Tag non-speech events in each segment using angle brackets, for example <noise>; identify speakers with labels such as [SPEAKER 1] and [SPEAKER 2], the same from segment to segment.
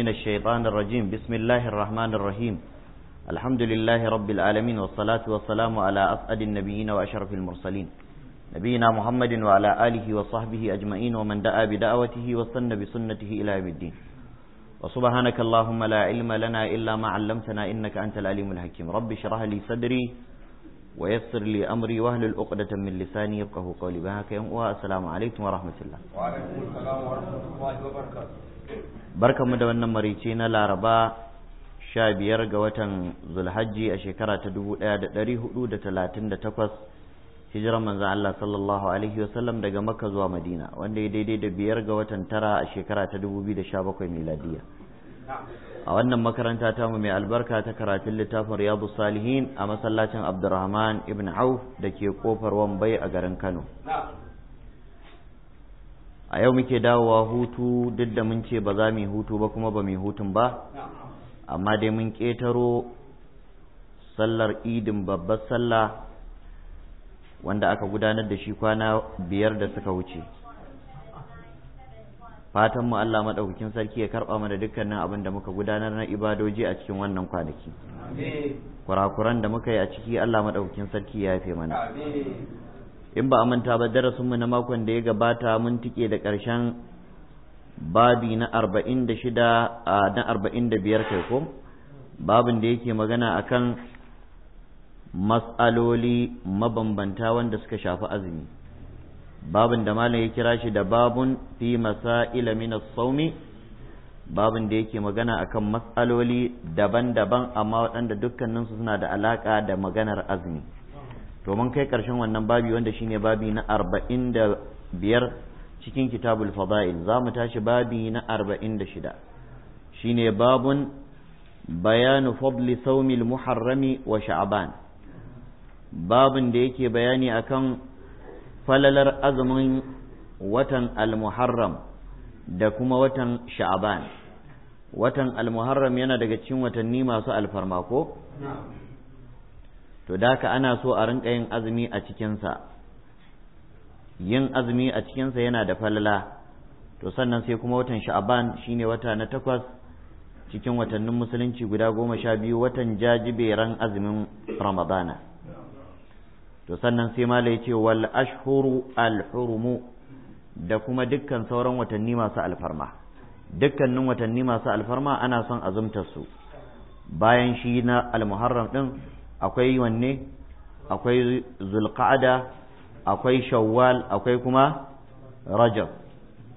[SPEAKER 1] من الشيطان الرجيم بسم الله الرحمن الرحيم الحمد لله رب العالمين والصلاة والسلام على أسعد النبيين وأشرف المرسلين نبينا محمد وعلى آله وصحبه أجمعين ومن دعا بدعوته وسن بسنته إلى يوم الدين وسبحانك اللهم لا علم لنا إلا ما علمتنا إنك أنت العليم الحكيم رب اشرح لي صدري ويسر لي أمري وأهل الأقدة من لساني يفقه قولي بهاك يوم السلام عليكم ورحمة الله
[SPEAKER 2] وعليكم السلام ورحمة الله وبركاته
[SPEAKER 1] mu da wannan marice na laraba sha biyar ga watan zulhajji a shekara ta dubu ɗaya da ɗari hudu da talatin da takwas hijirar manzan Allah sallallahu alaihi wasallam daga makka zuwa madina wanda ya daidai da biyar ga watan tara a shekara ta dubu biyu da sha bakwai miladiya a wannan makaranta ta mu mai albarka ta karatun littafin riyadu salihin a masallacin abdurrahman ibn auf da ke kofar wambai a garin kano a yau muke dawowa hutu duk da mun ce ba za mu hutu ba kuma ba mu hutun ba amma dai mun ƙetaro sallar idin babbar sallah wanda aka gudanar da shi kwana biyar da suka wuce fatanmu Allah maɗaukakin sarki ya karɓa mana dukkanin abin da muka gudanar na ibadoji a cikin wannan kwanaki kurakuran da muka yi a ciki Allah maɗaukakin sarki ya yafe mana in ba a manta ba darasinmu na makon da ya gabata mun tike da ƙarshen babi na arba'in da shida a na arba'in da biyar kai ko babin da yake magana akan matsaloli mabambanta wanda suka shafi azumi babin da malam ya kira shi da babun fi masa'ila min saumi babin da yake magana akan matsaloli daban-daban amma waɗanda dukkaninsu suna da alaƙa da maganar azumi to kai karshen wannan babi wanda shine babi na arba'in da biyar cikin kitabul fada'il za mu tashi babi na arba'in da shida shine babun bayanu fadli saumil muharrami wa sha'aban babun da yake bayani akan falalar azumin watan al-muharram da kuma watan sha'aban watan al-muharram yana daga cikin watanni masu alfarma ko to da haka ana so a rinka yin azumi a cikinsa yin azumi a cikinsa yana da falala to sannan sai kuma watan sha'aban shine wata na takwas cikin watannin musulunci guda goma sha biyu watan jajiberan azumin ramadana to sannan sai mala ce wal ashhuru alhurumu da kuma dukkan sauran watanni masu alfarma dukkanin watanni masu alfarma ana son azumtar su bayan shi na muharram din akwai wanne akwai zulqa'ada akwai shawwal akwai kuma rajab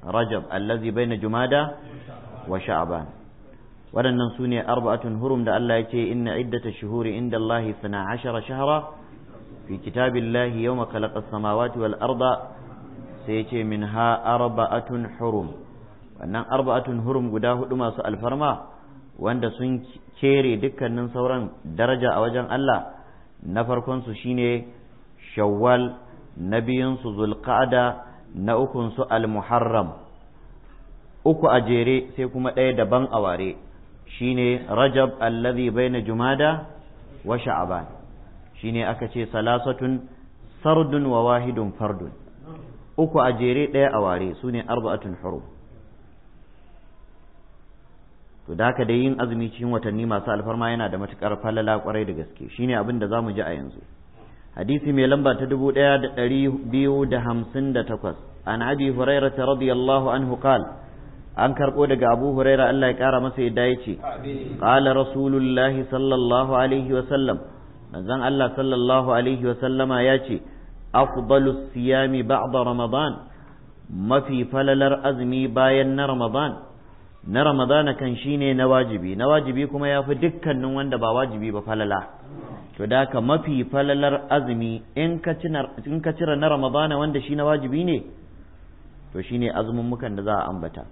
[SPEAKER 1] rajab allazi baina jumada wa sha'ban waɗannan su ne arba'atun hurum da Allah ya ce inna iddata shuhuri inda Allah sana ashara shahara fi kitabillahi yawma makalakar samawati wal arda sai ce min ha arba'atun hurum wannan arba'atun hurum guda hudu masu alfarma wanda sun kere dukkanin sauran daraja a wajen Allah na farkonsu shine shawwal na biyunsu zulqa'da na ukunsu al-muharram uku a jere sai kuma ɗaya daban a ware shine rajab allazi baina jumada wa sha'ban shine aka ce salasatun sardun wa wahidun fardun uku a jere ɗaya a ware sune arba'atun hurum to da haka dai yin azumi cikin watanni masu alfarma yana da matukar falala kwarai da gaske shine abin da zamu ji a yanzu hadisi mai lamba ta dubu ɗaya da takwas an abi hurairah radiyallahu anhu qala an karɓo daga abu huraira Allah ya ƙara masa yadda ya ce ƙala rasulullahi sallallahu alaihi sallam manzon Allah sallallahu alaihi sallama ya ce afdalu siyami ba'da ramadan mafi falalar azumi bayan na ramadan na ramadana kan shine na wajibi na wajibi kuma ya fi dukkanin wanda ba wajibi ba falala to da ka mafi falalar azumi in ka cire na ramadana wanda shi na wajibi ne to shine azumin da za a ambata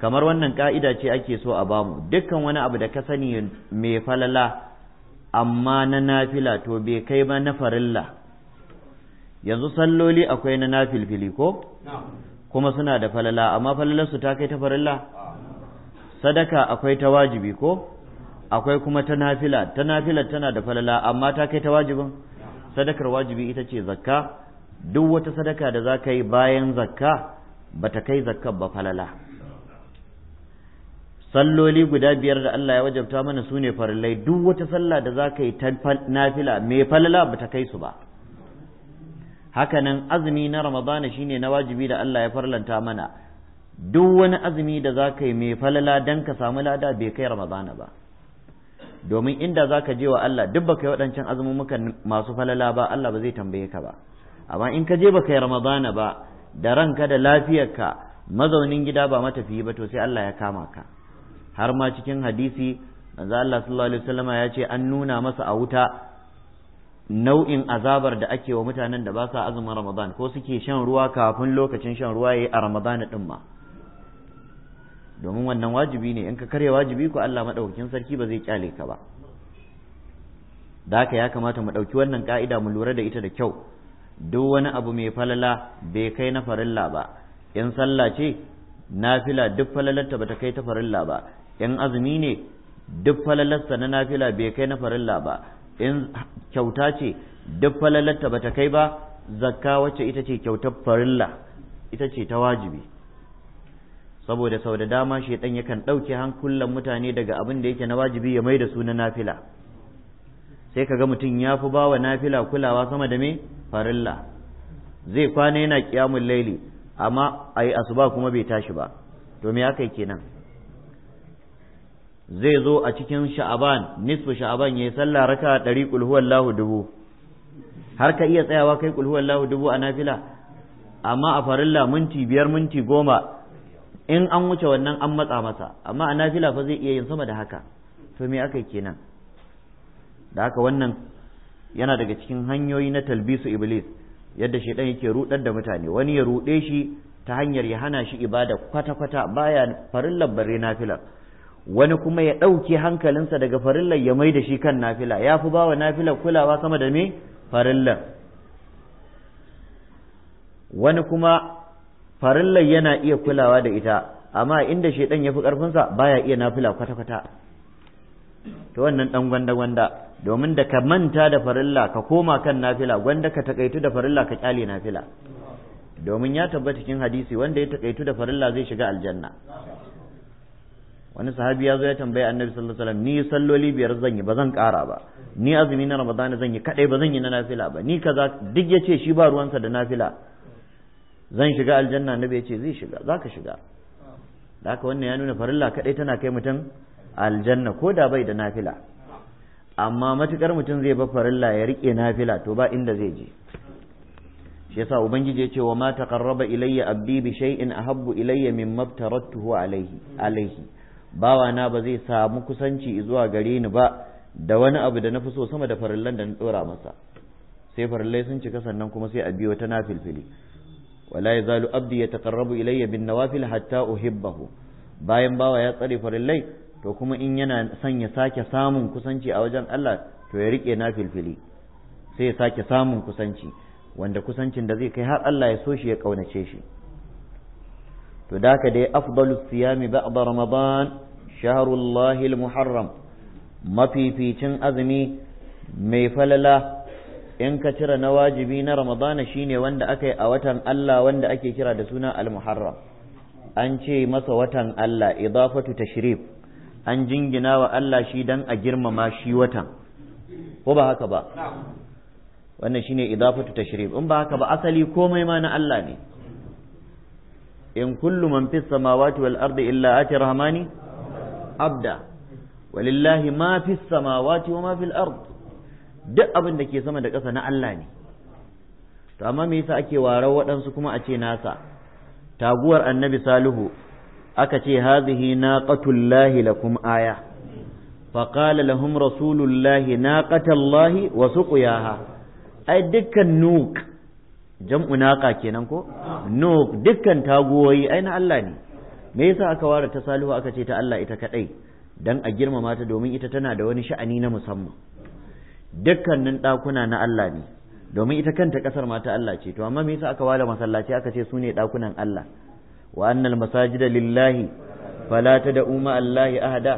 [SPEAKER 1] kamar wannan ka'ida ce ake so a bamu dukkan wani abu da ka sani mai falala amma na nafila to bai kai ba na farilla yanzu salloli akwai na nafilfili ko kuma suna da falala amma falalarsu ta kai ta farilla sadaka akwai ta wajibi ko akwai kuma ta nafila ta nafila tana da falala amma ta kai ta wajibin sadakar wajibi ita ce zakka duk wata sadaka da za ka yi bayan zakka ba ta kai zakka ba falala salloli guda biyar da Allah ya wajabta mana su ne farillai duk wata sallah da za ka yi ta nafila mai falala ba ta kai su ba hakanan azumi na ramadana shine na wajibi da Allah ya farlanta mana duk wani azumi da za ka yi mai falala don ka samu lada bai kai ramadana ba domin inda za ka je wa Allah duk baka yi waɗancan azumumukan masu falala ba Allah ba zai tambaye ka ba amma in ka je baka yi ramadana ba da ranka da lafiyarka mazaunin gida ba matafiyi ba to sai Allah ya kama ka har ma cikin hadisi manzo Allah sallallahu alaihi Wasallama ya ce an nuna masa a wuta nau'in azabar da ake wa mutanen da ba sa azumin Ramadan ko suke shan ruwa kafin lokacin shan ruwa ya yi a Ramadan din ma domin wannan wajibi ne in ka karya wajibi ko Allah maɗaukakin sarki ba zai kyale ka ba da haka ya kamata mu ɗauki wannan ka'ida mu lura da ita da kyau duk wani abu mai falala bai kai na farilla ba in sallah ce nafila duk falalarta bata kai ta farilla ba in azumi ne duk falalarsa na nafila bai kai na farilla ba in kyauta ce duk falalarta bata kai ba zakka wacce ita ce kyautar farilla ita ce ta wajibi saboda sau da dama shaitan yakan ɗauke hankulan mutane daga abin da yake na wajibi ya mai da su na nafila sai ka ga mutum ya fi bawa nafila kulawa sama da me farilla zai kwana yana kiyamun laili amma a yi asuba kuma bai tashi ba to me aka yi kenan zai zo a cikin sha'aban nisfu sha'aban ya yi sallah raka ɗari kul Lahu dubu har ka iya tsayawa kai kul Lahu dubu a nafila amma a farilla minti biyar minti goma in an wuce wannan an matsa masa amma a nafila fa zai iya yin sama da haka to me aka kenan da haka wannan yana daga cikin hanyoyi na talbisu iblis yadda shaidan yake rudar da mutane wani ya rude shi ta hanyar ya hana shi ibada kwata-kwata baya farillar bare nafila wani kuma ya ɗauke hankalinsa daga farillar ya mai da shi kan nafila ya fi bawa nafilar kulawa sama da me farillar wani kuma farillar yana iya kulawa da ita amma inda shaidan ya fi ƙarfinsa baya iya nafila kwata-kwata to wannan dan gwanda-gwanda domin da ka manta da farilla ka koma kan nafila gwanda ka takaitu da farilla ka kyale nafila domin ya tabbata cikin hadisi wanda ya takaitu da farilla zai shiga aljanna wani sahabi ya zo ya tambaya annabi sallallahu alaihi wasallam ni salloli biyar zan yi ba zan ƙara ba ni azumi na ramadana zan yi kadai ba zan yi na nafila ba ni kaza duk yace shi ba ruwansa da nafila zan shiga aljanna nabi ya ce zai shiga za ka shiga da haka wannan ya nuna farilla kaɗai tana kai mutum aljanna ko da bai da nafila amma matukar mutum zai ba farilla ya rike nafila to ba inda zai je shi yasa ubangiji ya ce wa ma taqarraba ilayya abdi bi shay'in ahabbu ilayya min mabtaratuhu alayhi alayhi bawa na ba zai samu kusanci zuwa gare ni ba da wani abu da na fi so sama da farillan da na dora masa sai farillai sun cika sannan kuma sai a biyo ta nafilfili wala yazalu abdi yataqarrabu ilayya bin nawafil hatta uhibbahu bayan bawa ya tsare lai to kuma in yana son ya sake samun kusanci a wajen Allah to ya rike nafilfili sai ya sake samun kusanci wanda kusancin da zai kai har Allah ya so shi ya kaunace shi to da haka dai afdalu siyami ba'da ramadan shahrullahi al-muharram mafificin azumi mai falala in ka cire na wajibi na ramadana shine wanda aka yi a watan Allah wanda ake kira da suna al-muharram an ce masa watan Allah idafatu tashrif an jingina wa Allah shi dan a girmama shi watan ko ba haka ba wannan shine idafatu tashrif in ba haka ba asali komai ma na Allah ne in kullu man fis samawati wal ardi illa ati rahmani abda walillahi ma fis samawati wa ma fil ard duk abin da ke sama da ƙasa na Allah ne to amma me yasa ake warar waɗansu kuma a ce nasa taguwar annabi salihu aka ce hazihi lahi lakum aya faqala lahum rasulullahi lahi wa suqiyaha ai dukkan nuk jam'u naqa kenan ko nuk dukkan taguwoyi ai na Allah ne me yasa aka ware ta salihu aka ce ta Allah ita kadai dan a girmama ta domin ita tana da wani sha'ani na musamman dukkanin ɗakuna na Allah ne domin ita kanta ƙasar ma ta Allah ce to amma me yasa aka wala masallaci aka ce su ne ɗakunan Allah wa annal masajida lillahi fala da ma Allahi ahada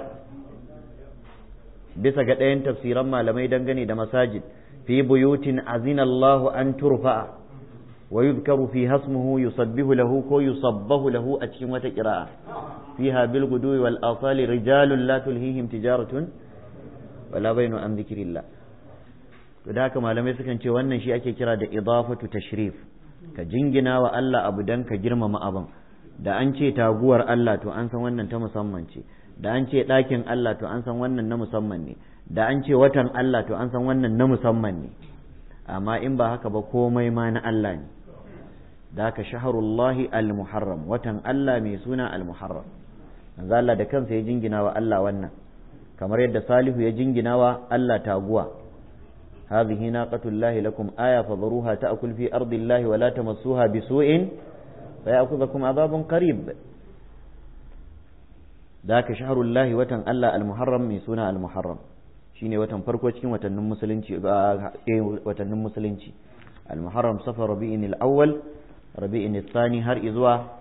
[SPEAKER 1] bisa ga ɗayan tafsiran malamai dangane da masajid fi buyutin azinallahu an turfa'a wa yuzkaru fi hasmuhu yusabbihu lahu ko yusabbahu lahu a cikin wata qira'a fiha bil gudwi wal asali rijalun la tulhihim tijaratun wala baynu an dhikrillah to da haka malamai sukan ce wannan shi ake kira da idafatu tashrif ka jingina wa Allah abu dan ka girmama abin da an ce taguwar Allah to an san wannan ta musamman ce da an ce ɗakin Allah to an san wannan na musamman ne da an ce watan Allah to an san wannan na musamman ne amma in ba haka ba komai ma na Allah ne da haka shaharullahi al-muharram watan Allah mai suna al-muharram manzo Allah da kansa ya jingina wa Allah wannan kamar yadda Salihu ya jingina wa Allah taguwa هذه ناقة الله لكم آية فضروها تأكل في أرض الله ولا تمسوها بسوء فيأخذكم عذاب قريب ذاك شهر الله وتن ألا المحرم من سنة المحرم شيني وتن فرقو cikin watannin musulunci watannin musulunci al-muharram safar rabi'in al-awwal rabi'in al-thani har izuwa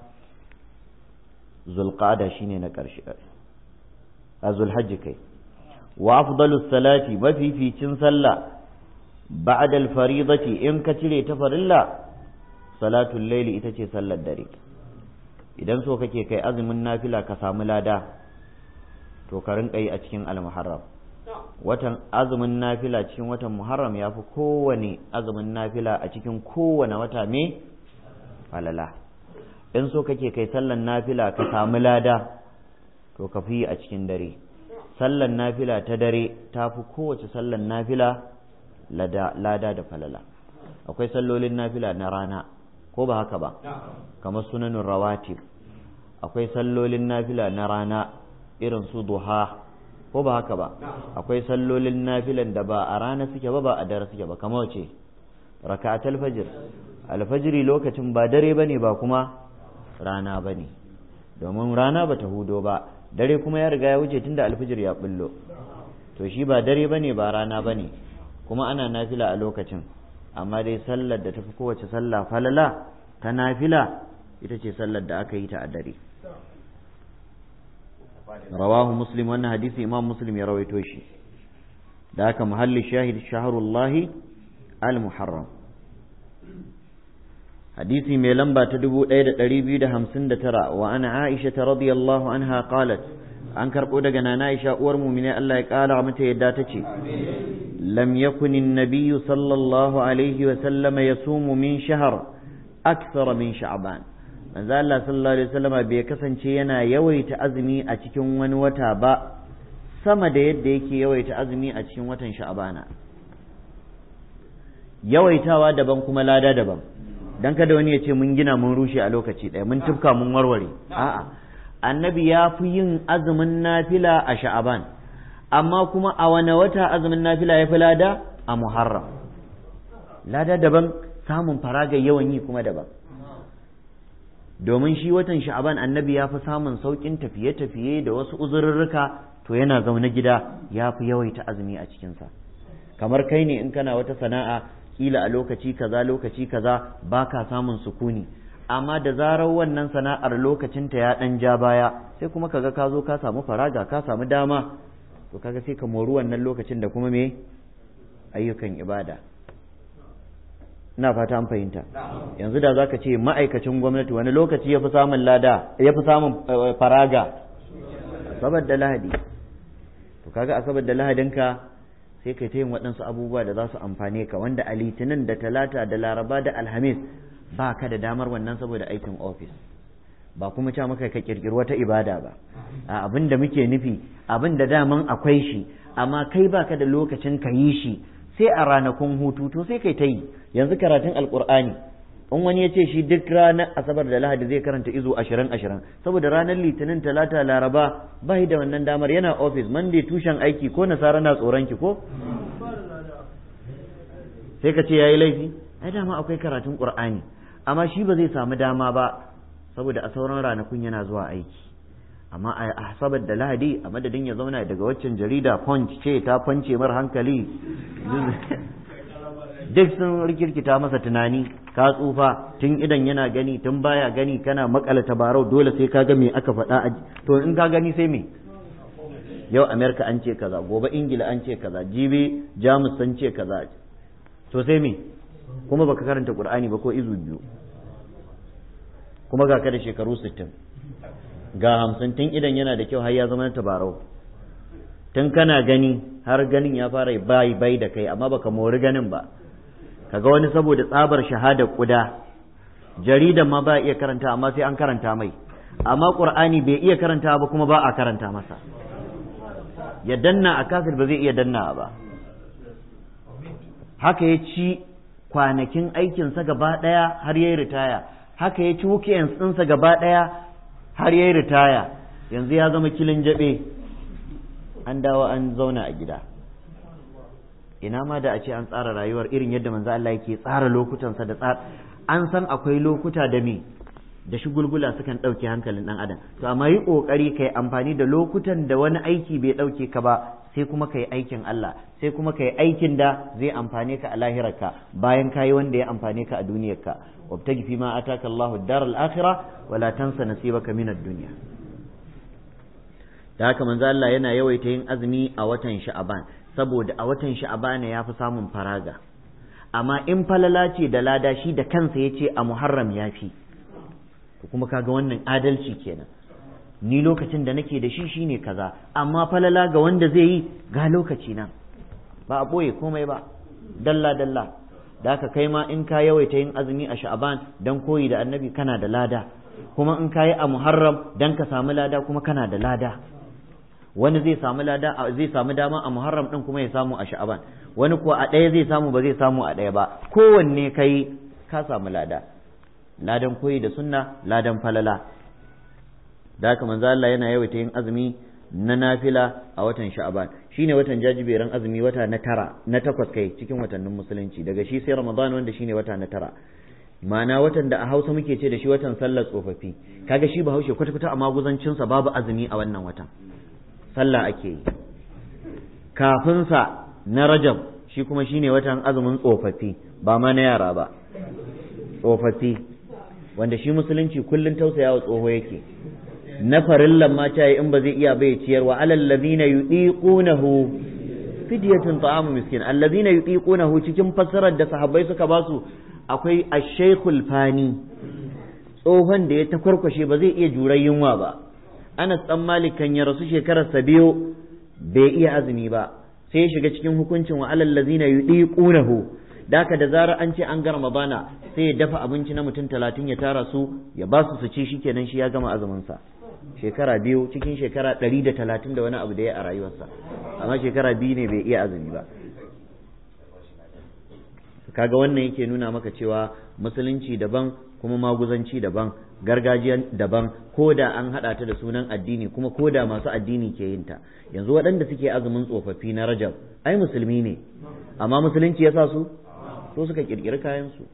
[SPEAKER 1] zulqa'da shine na karshe azul hajji kai wa afdalu salati mafificin sallah بعد الفريضة إن in ka cire ta farilla إتشي صلى ita ce sallar dare idan so النافلة kai azumin nafila ka samu lada to ka a cikin watan azumin nafila cikin watan muharram ya fi kowane azumin nafila a cikin kowane wata me falala in so kake kai sallan nafila ka samu lada to ka fi a cikin dare sallan nafila ta dare ta fi kowace sallan nafila lada da falala akwai sallolin nafila na rana ko ba haka ba kamar sunanin rawatib akwai sallolin nafila na rana irin su duha ko ba haka ba akwai sallolin nafilan da ba a rana suke ba ba a dare suke ba kamar wace raka'at alfajir alfajiri lokacin ba dare bane ba kuma rana bane domin rana ba ta hudo ba dare kuma ya riga ya wuce tunda alfajir ya bullo to shi ba dare bane ba rana bane kuma ana nafila a lokacin amma dai sallar da tafi kowace sallah falala ta nafila ita ce sallar da aka yi ta a dare rawahu muslim wannan hadisi imam muslim ya rawaito shi da haka muhalli shahid shaharullahi al-muharram hadisi mai lamba ta 1259 wa ana aisha radiyallahu anha qalat an karɓo daga nana Aisha uwar mumine Allah ya ƙara mata yadda ta ce lam yakuni annabiyyu sallallahu alaihi wa sallama yasumu min shahr akthar min sha'ban manzo Allah sallallahu alaihi sallama bai kasance yana yawaita azumi a cikin wani wata ba sama da yadda yake yawaita azumi a cikin watan sha'bana yawaitawa daban kuma lada daban dan kada wani ya ce mun gina mun rushe a lokaci ɗaya mun tufka mun warware a'a annabi ya fi yin azumin nafila a sha'aban amma kuma a wane wata azumin nafila ya fi lada a muharram lada daban samun faraga yawan yi kuma daban domin shi watan sha'aban annabi ya fi samun saukin tafiye-tafiye da wasu uzurruka to yana zaune gida ya fi yawaita azumi a cikinsa kamar kai ne in kana wata sana'a kila a lokaci kaza lokaci kaza baka samun sukuni amma da zarar wannan sana'ar lokacinta ya ɗan ja baya sai kuma kaga ka zo ka samu faraga ka samu dama to kaga sai ka mori wannan lokacin da kuma me ayyukan ibada ina fata an fahimta yanzu da zaka ce ma'aikacin gwamnati wani lokaci ya fi samun lada ya fi samun eh, eh, faraga asabar da lahadi to kaga asabar da lahadinka sai kai ta yin waɗansu abubuwa da za su amfane ka wanda a litinin da talata da laraba da alhamis ba ka da damar wannan saboda aikin ofis ba kuma ca maka ka kirkiri wata ibada ba a abin da muke nufi abin da daman akwai shi amma kai ba ka da lokacin ka yi shi sai a ranakun hutu to sai kai ta yi yanzu karatun alkur'ani in wani ya ce shi duk ranar asabar da lahadi zai karanta izo ashirin ashirin saboda ranar litinin talata laraba ba da wannan damar yana ofis mande, tushen aiki ko nasara na tsoron ki ko sai ka ce ya yi laifi ai dama akwai karatun ƙur'ani. amma shi ba zai samu dama ba saboda a sauran ranakun yana zuwa aiki amma a asabar da lahadi a madadin ya zauna daga waccan jarida punch ce ta fance mar hankali duk sun rikirkita masa tunani ka tsufa tun idan yana gani tun baya gani kana makala tabarau dole sai ka ga me aka faɗa to in ka gani sai me yau amerika an ce kaza gobe ingila an ce kaza jibi jamus san ce kaza to sai me kuma baka karanta qur'ani ba ko izu biyu kuma ga ka da shekaru 60 ga hamsin tun idan yana da kyau har ya zama tabarau tun kana gani har ganin ya fara bai bai da kai amma baka mori ganin ba kaga wani saboda tsabar shahada kuda jaridan ma ba iya karanta amma sai an karanta mai amma qur'ani bai iya karanta ba kuma ba a karanta masa ya danna a kafir ba zai iya danna ba haka ya ci kwanakin aikinsa gaba ɗaya har ya ritaya haka ya ci weekends ɗinsa gaba ɗaya har yayi ritaya yanzu ya zama kilin jaɓe an dawo an zauna a gida ina ma da a ce an tsara rayuwar irin yadda manzo Allah yake tsara lokutansa da tsara an san akwai lokuta da me da shugulgula sukan ɗauke hankalin ɗan adam to amma yi ƙoƙari kai amfani da lokutan da wani aiki bai ɗauke ka ba sai kuma ka yi aikin Allah sai kuma ka yi aikin da zai amfane ka a lahirarka bayan ka yi wanda ya amfane ka a duniyarka wabtagi fi ma ataka Allahu dar al-akhira wa la tansa nasibaka min ad-dunya da haka manzo Allah yana yawaita yin azumi a watan Sha'aban saboda a watan Sha'aban ya fi samun faraga amma in falala ce da lada shi da kansa yace a Muharram ya fi kuma kaga wannan adalci kenan ni lokacin da nake da shi shine kaza amma falala ga wanda zai yi ga lokaci na ba a ɓoye komai ba dalla dalla da ka kai ma in ka yawaita yin azumi a sha'aban dan koyi da annabi kana da lada kuma in ka yi a muharram dan ka samu lada kuma kana da lada wani zai samu lada zai samu dama a muharram din kuma ya samu a sha'aban wani kuwa a ɗaya zai samu ba zai samu a ɗaya ba kowanne kai ka samu lada ladan koyi da sunna ladan falala da haka manzo Allah yana yawaita yin azumi na nafila a watan sha'aban shine watan jajiberan azumi wata na tara na takwas kai cikin watannin musulunci daga shi sai ramadan wanda shine wata na tara ma'ana watan da a hausa muke ce da shi watan sallar tsofaffi kaga shi bahaushe kwata-kwata a sa babu azumi a wannan watan sallah ake yi kafinsa na rajab shi kuma shine watan azumin tsofaffi ba ma na yara ba tsofaffi wanda shi musulunci kullum tausayawa tsoho yake na farin ma ta in ba zai iya bai ciyarwa alal ladina yudiqunahu fidyatun ta'amu miskin alladhina yudiqunahu cikin fassarar da sahabbai suka basu akwai ash fani tsohon da ya takwarkwashe ba zai iya jurar yunwa ba Anas dan Malik kan ya rasu shekarar sa biyu bai iya azumi ba sai ya shiga cikin hukuncin wa alal ladhina daka da zarar an ce an garma bana, sai ya dafa abinci na mutum talatin ya tara su ya ba su su ci shikenan shi ya gama azumin sa shekara biyu cikin shekara ɗari da talatin da wani abu da ya a rayuwarsa amma shekara biyu ne bai iya azumi ba kaga wannan yake nuna maka cewa musulunci daban kuma maguzanci daban gargajiya daban ko da an haɗa ta da sunan addini kuma ko da masu addini ke yin ta yanzu waɗanda suke azumin tsofaffi na rajab ai musulmi ne amma musulunci ya sa su so suka ƙirƙiri kayan su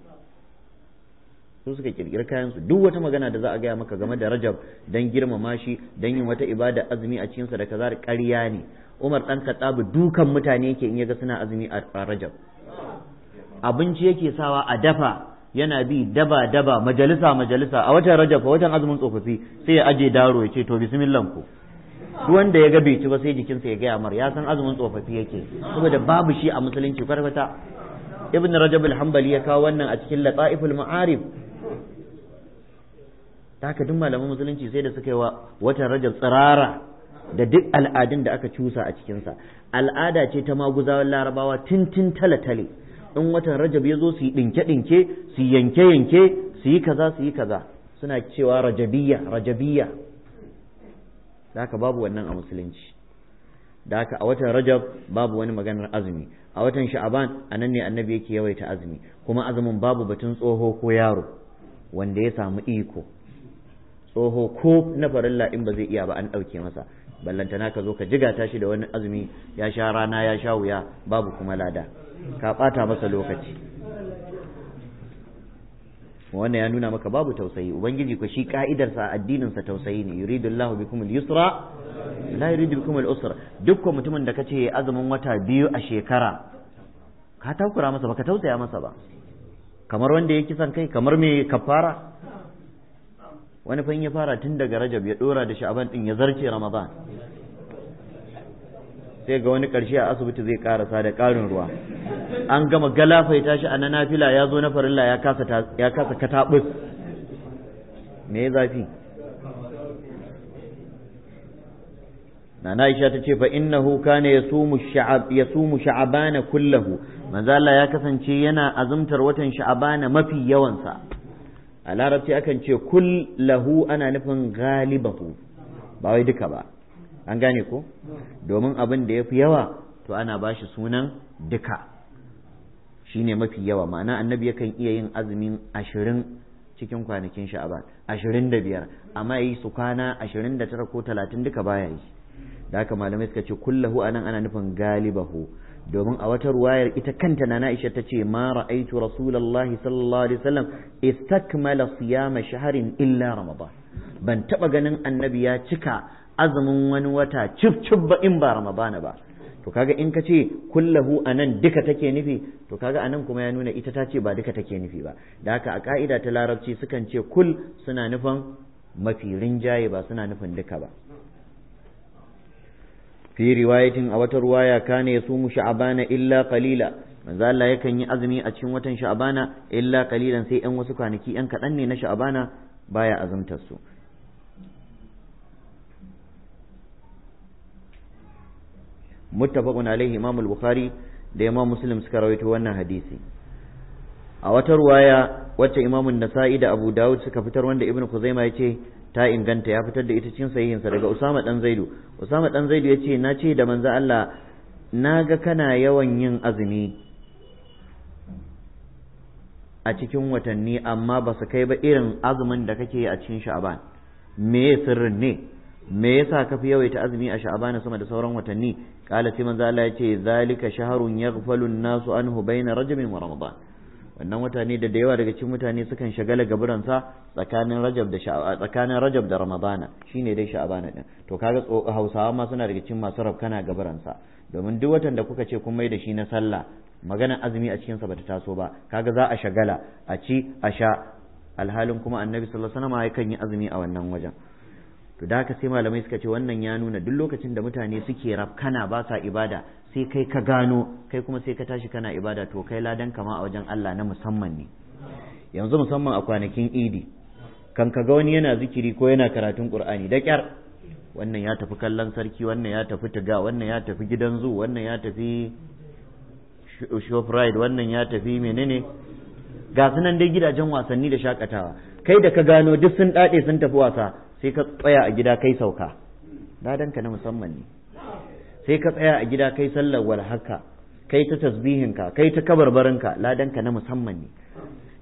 [SPEAKER 1] su suka kirkiri kayan su duk wata magana da za a gaya maka game da Rajab dan girmama shi dan yin wata ibada azumi a cikin sa da kaza ƙarya ne Umar dan Khattab dukan mutane yake in yaga suna azumi a Rajab abinci yake sawa a dafa yana bi daba daba majalisa majalisa a watan Rajab a watan azumin tsofaffi sai ya aje daro ya ce to bismillah ku duk wanda ya ga bai ci ba sai jikinsa ya gaya mar ya san azumin tsofaffi yake saboda babu shi a musulunci farfata. ibn rajab al-hanbali ya kawo wannan a cikin lataiful ma'arif ta haka duk malaman musulunci sai da suka yi wa watan rajab tsirara da duk al'adun da aka cusa a cikinsa al'ada ce ta maguzawan larabawa tintin tale-tale in watan rajab ya zo su yi ɗinke-ɗinke su yanke-yanke su yi kaza su yi kaza suna cewa rajabiya rajabiya da haka babu wannan a musulunci da haka a watan rajab babu wani maganar azumi a watan sha'aban a nan ne annabi yake yawaita azumi kuma azumin babu batun tsoho ko yaro wanda ya samu iko tsoho ko na farilla in ba zai iya ba an ɗauke masa ballantana ka zo ka jiga tashi da wani azumi ya sha rana ya sha wuya babu kuma lada ka ɓata masa lokaci wannan ya nuna maka babu tausayi ubangiji ko shi ka'idarsa addininsa tausayi ne yuridullahu bikum al-yusra la yuridu bikum al-usra dukkan mutumin da kace azumin wata biyu a shekara ka takura masa baka tausaya masa ba kamar wanda yake kisan kai kamar me kafara wani fa ya fara tun daga rajab ya dora da sha'aban din ya zarce ramadan sai ga wani karshe a asibiti zai karasa da karin ruwa an gama galafai tashi a na nafila ya zo na farilla ya kasa ya kasa ya me zafi Nana Aisha ta ce fa innahu kana yasumu sha'ab yasumu sha'abana kullahu manzo Allah ya kasance yana azumtar watan sha'abana mafi yawansa a larabci akan ce kul lahu ana nufin galibahu ba wai duka ba an gane ko domin abin da ya fi yawa to ana ba shi sunan duka shine mafi yawa ma'ana annabi yakan iya yin azumin ashirin cikin kwanakin sha'aban ashirin da biyar amma yi su kwana ashirin da tara ko talatin duka baya yi da haka malamai suka ce kullahu anan ana nufin galibahu domin a wata ruwayar ita kanta na Aisha ta ce ma ra'aitu rasulullahi sallallahu alaihi wasallam istakmala siyama shaharin illa ramadan ban taba ganin annabi ya cika azumin wani wata cif cif ba in ba ramadan ba to kaga in ka ce kullahu anan duka take nufi to kaga anan kuma ya nuna ita ta ce ba duka take nufi ba da haka a ka'ida ta larabci sukan ce kul suna nufin mafi rinjaye ba suna nufin duka ba fi riwayatin a wata ruwaya kana yasumu sha'bana illa qalila manzo Allah yakan yi azumi a cikin watan sha'bana illa qalilan sai yan wasu kwanaki yan kadan ne na sha'bana baya azumtar su muttafaqun alaihi imam al-bukhari da imam muslim suka rawaito wannan hadisi a wata ruwaya wacce imam an-nasa'i da abu da'ud suka fitar wanda ibnu kuzaima yace ta inganta ya fitar da ita cikin sa daga Usama dan Zaidu Usama dan Zaidu yace na ce da manzo Allah naga kana yawan yin azumi a cikin watanni amma ba su kai ba irin azumin da kake a cikin sha'aban me sirrin ne me yasa ka fi yawaita azumi a sha'aban sama da sauran watanni qala sai manzo Allah yace zalika shahrun yaghfalu an-nasu anhu bayna rajabin wa ramadan wannan mutane da da yawa daga cikin mutane sukan shagala gaburansa tsakanin rajab da tsakanin rajab da ramadana shine dai sha'abana din to kaga hausawa ma suna daga cikin masu rafkana gaburansa domin duk watan da kuka ce kun mai da shi na sallah magana azumi a cikinsa bata taso ba kaga za a shagala a ci a sha alhalin kuma annabi sallallahu alaihi wasallam yakan yi azumi a wannan wajen to da haka sai malamai suka ce wannan ya nuna duk lokacin da mutane suke rafkana ba sa ibada sai kai ka gano kai kuma sai ka tashi kana ibada to kai ladan kama a wajen Allah na musamman ne yanzu musamman a kwanakin idi kan ka ga wani yana zikiri ko yana karatun qur'ani da kyar wannan ya tafi kallon sarki wannan ya tafi tiga wannan ya tafi gidan zu wannan ya tafi shopride wannan ya tafi menene ga sunan dai gidajen wasanni da shakatawa kai da ka gano duk sun dade sun tafi wasa sai ka tsaya a gida kai sauka ladanka na musamman ne sai ka tsaya a gida kai sallar walhaka kai ta tasbihinka kai ta kabarbarinka ladanka na musamman ne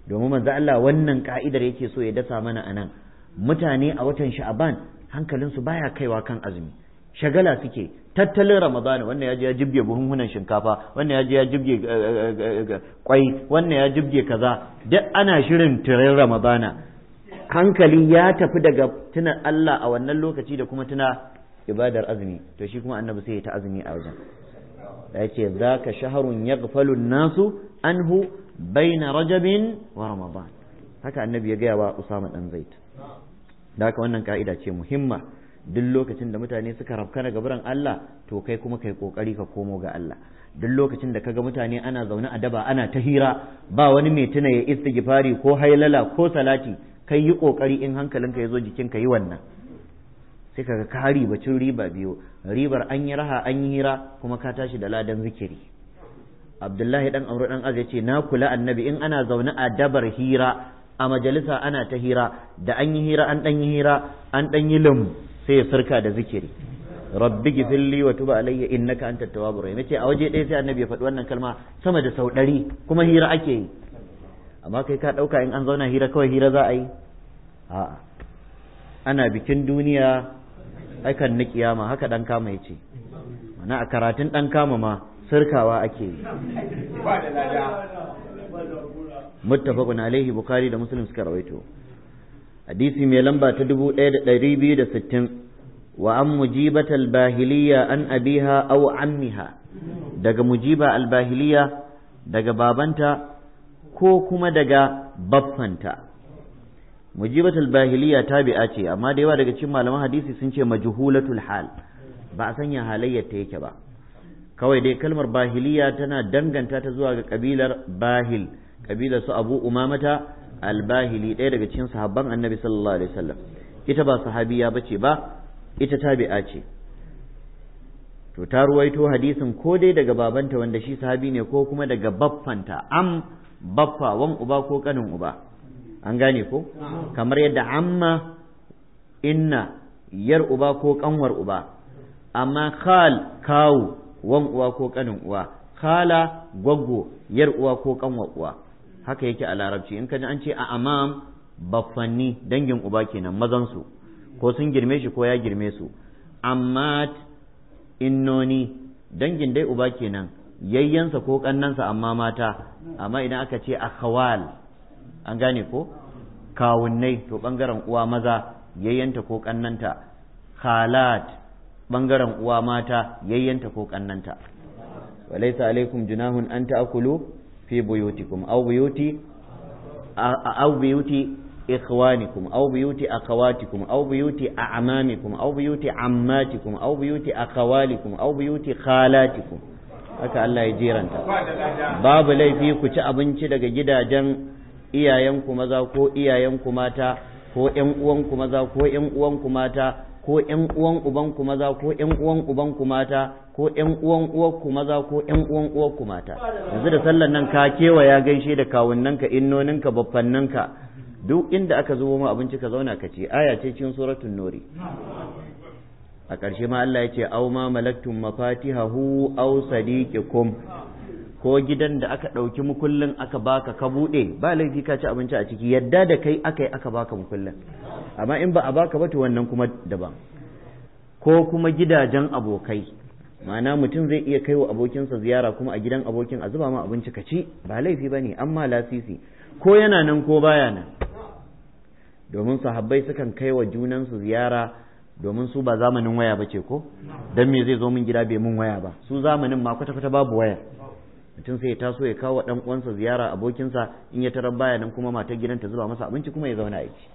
[SPEAKER 1] domin manzo Allah wannan ka'idar yake so ya dasa mana anan mutane a watan sha'aban hankalinsu baya kaiwa kan azumi shagala suke tattalin ramadana wannan ya je ya jibge buhunhunan shinkafa wannan ya je ya jibge eh, eh, eh, kwai wannan ya jibge kaza duk ana shirin tirin ramadana hankali ya tafi daga tuna Allah a wannan lokaci da kuma tuna ibadar azumi to shi kuma annabi sai ya ta azumi a wajen ya ce za ka shaharun ya nasu anhu baina rajabin wa ramadan haka annabi ya gaya wa usama dan zait da haka wannan ka'ida ce muhimma duk lokacin da mutane suka rafka ga biran Allah to kai kuma kai kokari ka komo ga Allah duk lokacin da kaga mutane ana zaune a daba ana ta hira ba wani mai tuna ya istighfari ko hailala ko salati kai yi kokari in hankalinka ya zo jikinka yi wannan sai kaga ka bacin riba biyu ribar an yi raha an yi hira kuma ka tashi da ladan zikiri abdullahi dan amru dan az ce na kula annabi in ana zaune a dabar hira a majalisa ana ta hira da an yi hira an dan yi hira an dan yi lum sai ya sarka da zikiri rabbi gifilli wa tuba alayya innaka antat tawwabur rahim yace a waje ɗaya sai annabi ya faɗi wannan kalma sama da sau ɗari kuma hira ake yi amma kai ka ɗauka in an zauna hira kawai hira za a yi a'a ana bikin duniya aikan na kiyama haka dan kama ya ce mana a karatun dan kama ma sirkawa ake yi muttafaqun alaihi bukhari da muslim suka rawaito hadisi mai lamba ta dubu ɗaya da ɗari biyu da sittin wa an mujibat albahiliya an abiha aw ammiha daga mujiba albahiliya daga babanta ko kuma daga baffanta mujibatul bahiliya tabi'a ce amma da yawa daga cikin malaman hadisi sun ce majhulatul hal ba a sanya halayyar ta yake ba kawai dai kalmar bahiliya tana danganta ta zuwa ga kabilar bahil kabilar su abu umamata albahili ɗaya daga cikin sahabban annabi sallallahu alaihi wasallam ita ba sahabiya bace ba ita tabi'a ce to ta ruwaito hadisin ko dai daga babanta wanda shi sahabi ne ko kuma daga baffanta am baffa wan uba ko kanin uba an gane ko kamar yadda amma inna yar uba ko kanwar uba amma khal kawu wan uwa ko kanin uwa khala gwaggo yar uwa ko kanwar uwa haka yake a larabci in kaji an ce a amam baffanni dangin uba kenan mazan su ko sun girme shi ko ya girme su amma innoni dangin dai uba kenan yayyansa ko kannansa amma mata amma idan aka ce akhawal an gane ko kawunnai to bangaren uwa maza yayyanta ko kannanta khalat bangaren uwa mata yayyanta ko kannanta walaysa alaikum junahun an ta'kulu fi buyutikum aw buyuti aw buyuti ikhwanikum aw buyuti akhawatikum aw buyuti a'mamikum aw buyuti ammatikum aw buyuti akhawalikum aw buyuti khalatikum haka Allah ya jeranta babu laifi ku ci abinci daga gidajen iyayenku maza ko iyayenku mata ko ƴan uwanku maza ko ƴan uwanku mata ko ƴan uwan ubanku maza ko ƴan uwan ubanku mata ko ƴan uwan uwarku maza ko ƴan uwan uwarku mata yanzu da sallan nan ka kewa ya gaishe da kawunnanka innoninka baffanninka duk inda aka zo mu abinci ka zauna ka ci aya ce cikin suratul nuri a ƙarshe ma Allah ya ce au ma malaktum mafatihahu au sadiqikum ko gidan da aka ɗauki mukullin aka baka ka buɗe ba laifi ka ci abinci a ciki yadda da kai aka yi aka baka mukullin amma in ba a baka ba to wannan kuma daban ko kuma gidajen abokai ma'ana mutum zai iya kaiwa abokinsa ziyara kuma a gidan abokin a zuba ma abinci ka ci ba laifi ba ne amma lasisi ko yana nan ko baya nan domin sahabbai sukan kai wa junansu ziyara domin su ba zamanin waya ba ce ko don me zai zo min gida bai mun waya ba su zamanin ma kwata-kwata babu waya mutum sai ya taso ya kawo dan uwansa ziyara abokinsa in ya tarar baya nan kuma matar gidan ta zuba masa abinci kuma ya zauna aiki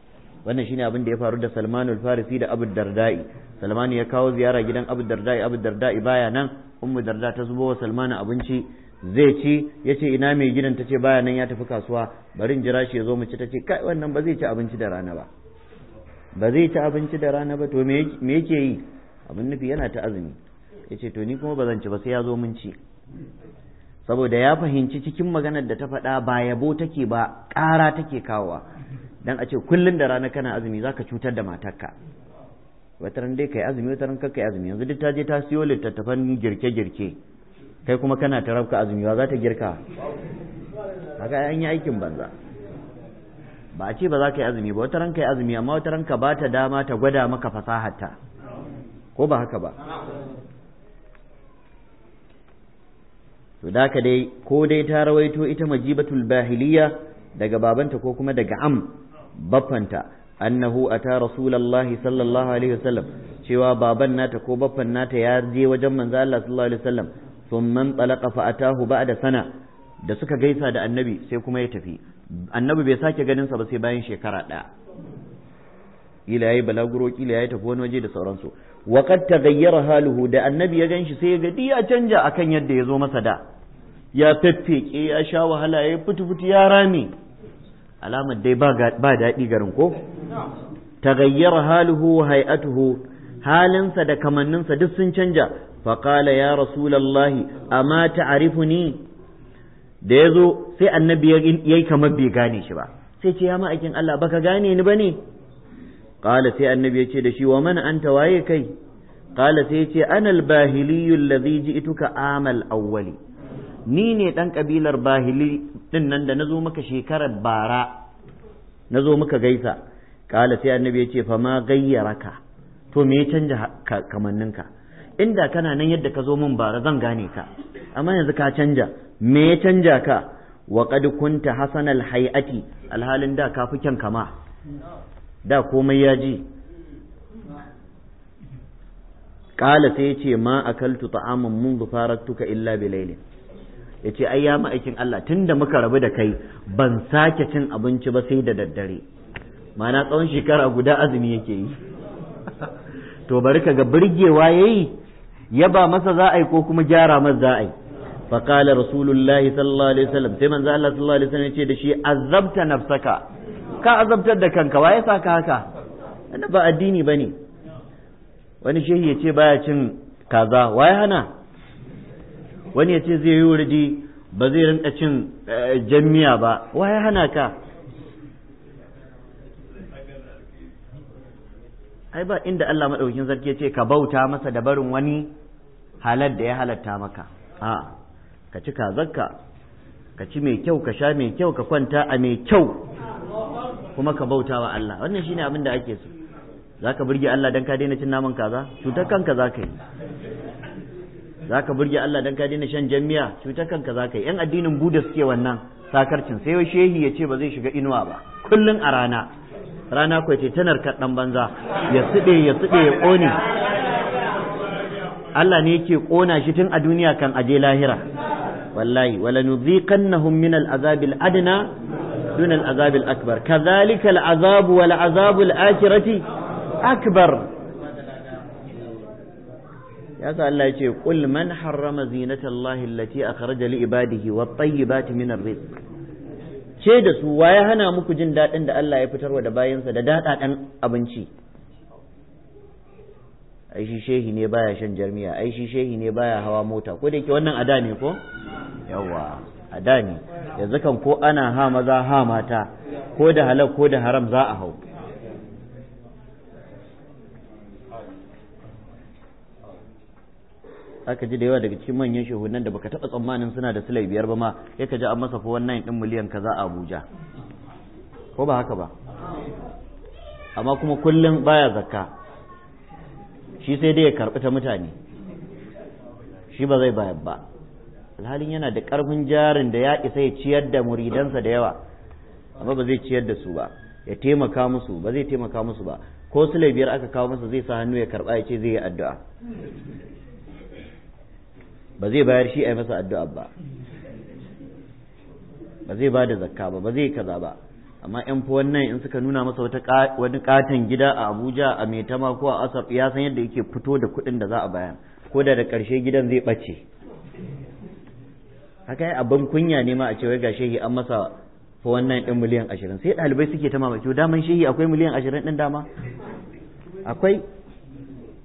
[SPEAKER 1] wannan shine abin da ya faru da Salmanul Farisi da Abu Darda'i Salman ya kawo ziyara gidan Abu Darda'i Abu Darda'i baya nan Ummu Darda ta zubo wa Salman abinci zai ci ya ce ina mai gidan ta ce baya nan ya tafi kasuwa barin in jira shi ya zo mu ci ta ce kai wannan ba zai ci abinci da rana ba ba zai ci abinci da rana ba to me yake yi abin nufi yana ta azumi ya ce to ni kuma ba zan ci ba sai ya zo mun ci saboda ya fahimci cikin maganar da ta faɗa ba yabo take ba ƙara take kawowa dan a ce kullum da rana kana azumi zaka cutar da matarka wataran dai kai azumi wataran kai kai azumi yanzu duk ta je ta siyo littattafan girke-girke kai kuma kana ta rabka azumi wa za ta girka kaga an yi aikin banza ba a ce ba za ka yi azumi ba wata ranka yi azumi amma wata ranka ba ta dama ta gwada maka fasahata ko ba haka ba to da ka dai ko dai ta rawaito ita majibatul bahiliya daga babanta ko kuma daga am baffanta annahu ata rasulullahi sallallahu alaihi wasallam cewa baban nata ko baffan nata ya je wajen manzo Allah sallallahu alaihi wasallam thumma talaqa fa atahu ba'da sana da suka gaisa da annabi sai kuma ya tafi annabi bai sake ganin sa ba sai bayan shekara ɗaya kila yayi balaguro kila yayi tafi wani waje da sauransu wa qad taghayyara haluhu da annabi ya ganshi sai ya ga ya canja akan yadda ya zo masa da ya feffeke ya sha wahala ya fitu ya rami. alamar dai ba daɗi garin ko taghayyara haluhu wa hay'atuhu halinsa da kamanninsa duk sun canja faqala ya rasulullahi amma ta'rifuni da ya zo sai annabi ya yi kamar bai gane shi ba sai ce ya ma'aikin Allah baka gane ni ba ne ƙala sai annabi ya ce da shi wa mana an tawaye kai ƙala sai ya ce anal bahiliyul ladhi ji'tuka amal awwali ni ne ɗan kabilar bahili ɗin nan da nazo maka shekarar bara nazo maka gaisa ƙala sai annabi ya ce fa ma gayyaraka to me ya canja kamanninka inda kana nan yadda ka zo min bara zan gane ka amma yanzu ka canja me ya canja ka wa kad kunta hasanal hay'ati alhalin da ka fi kama da komai ya ji kala sai ce ma akaltu ta'amun منذ farattuka illa bilailin ce ai ya ma'aikin Allah tun da muka rabu da kai ban sake cin abinci ba sai da daddare mana tsawon shekara guda azumi yake yi
[SPEAKER 2] <laughs>
[SPEAKER 1] to bari ka ga birgewa yayi yaba masa za a yi ko kuma gyara masa za a yi fa qala rasulullahi sallallahu alaihi wasallam sai manzo Allah da shi azabta nafsaka ka azabtar da kanka waye sa ka haka ba addini bane wani shehi yace baya cin kaza waye hana wani yace zai yi wurdi ba zai rinka cin jamiya ba waye hana ka ai inda Allah maɗaukin sarki ya ce ka bauta masa da barin wani halar da ya halatta maka a'a ka ci kazarka ka ci mai kyau ka sha mai kyau ka kwanta a mai kyau kuma ka bauta wa Allah wannan shine abin da ake so za ka burge Allah dan ka daina cin naman kaza cutar kanka za ka yi za ka burge Allah dan ka daina shan jammiya cutar kanka za ka yi yan addinin buda suke wannan sakarcin sai wai shehi ya ce ba zai shiga inuwa ba kullun a rana rana ko ce tanar kaɗan banza ya tsiɗe ya tsiɗe ya ƙone Allah ne yake ƙona shi tun a duniya kan aje lahira wallahi wala nudhiqannahum min al-azab al-adna dun al-azab akbar kadhalika al wal azab al akbar. ya yasa Allah ya ce qul man harrama zinata Allah allati akhraja li ibadihi wat-tayyibati min ar-rizq ce da su waye hana muku jin daɗin da Allah ya fitarwa da bayansa da daɗaɗan abinci ai shi shehi ne baya shan jarmiya ai shi shehi ne baya hawa mota ko da yake wannan ada ne ko yawa a da ne yanzu kan ko ana ha maza ha mata ko da halal ko da haram za a hau aka ji da yawa daga cikin manyan shahunan da baka taɓa tsammanin suna da silai biyar ba ma ya ka ji an masa fowar nan ɗin miliyan kaza a abuja ko ba haka ba amma kuma kullum baya zakka shi sai dai ya karɓi ta mutane shi ba zai bayar ba alhalin yana da ƙarfin jarin da ya isa ya ciyar da muridansa da yawa amma ba zai ciyar da su ba ya taimaka musu ba zai taimaka musu ba ko su biyar aka kawo masa zai sa hannu ya karɓa ya ce zai yi addu'a ba zai bayar shi a yi masa addu'a ba ba zai ba da zakka ba ba zai kaza ba amma yan fi wannan in suka nuna masa wata wani katon gida a abuja a maitama ko a asaf ya san yadda yake fito da kuɗin da za a bayan ko da da ƙarshe gidan zai ɓace haka yi abin kunya ne ma a cewa ga shehi an masa fa wannan ɗin miliyan ashirin sai ɗalibai suke ta mamaki daman shehi akwai miliyan ashirin ɗin dama akwai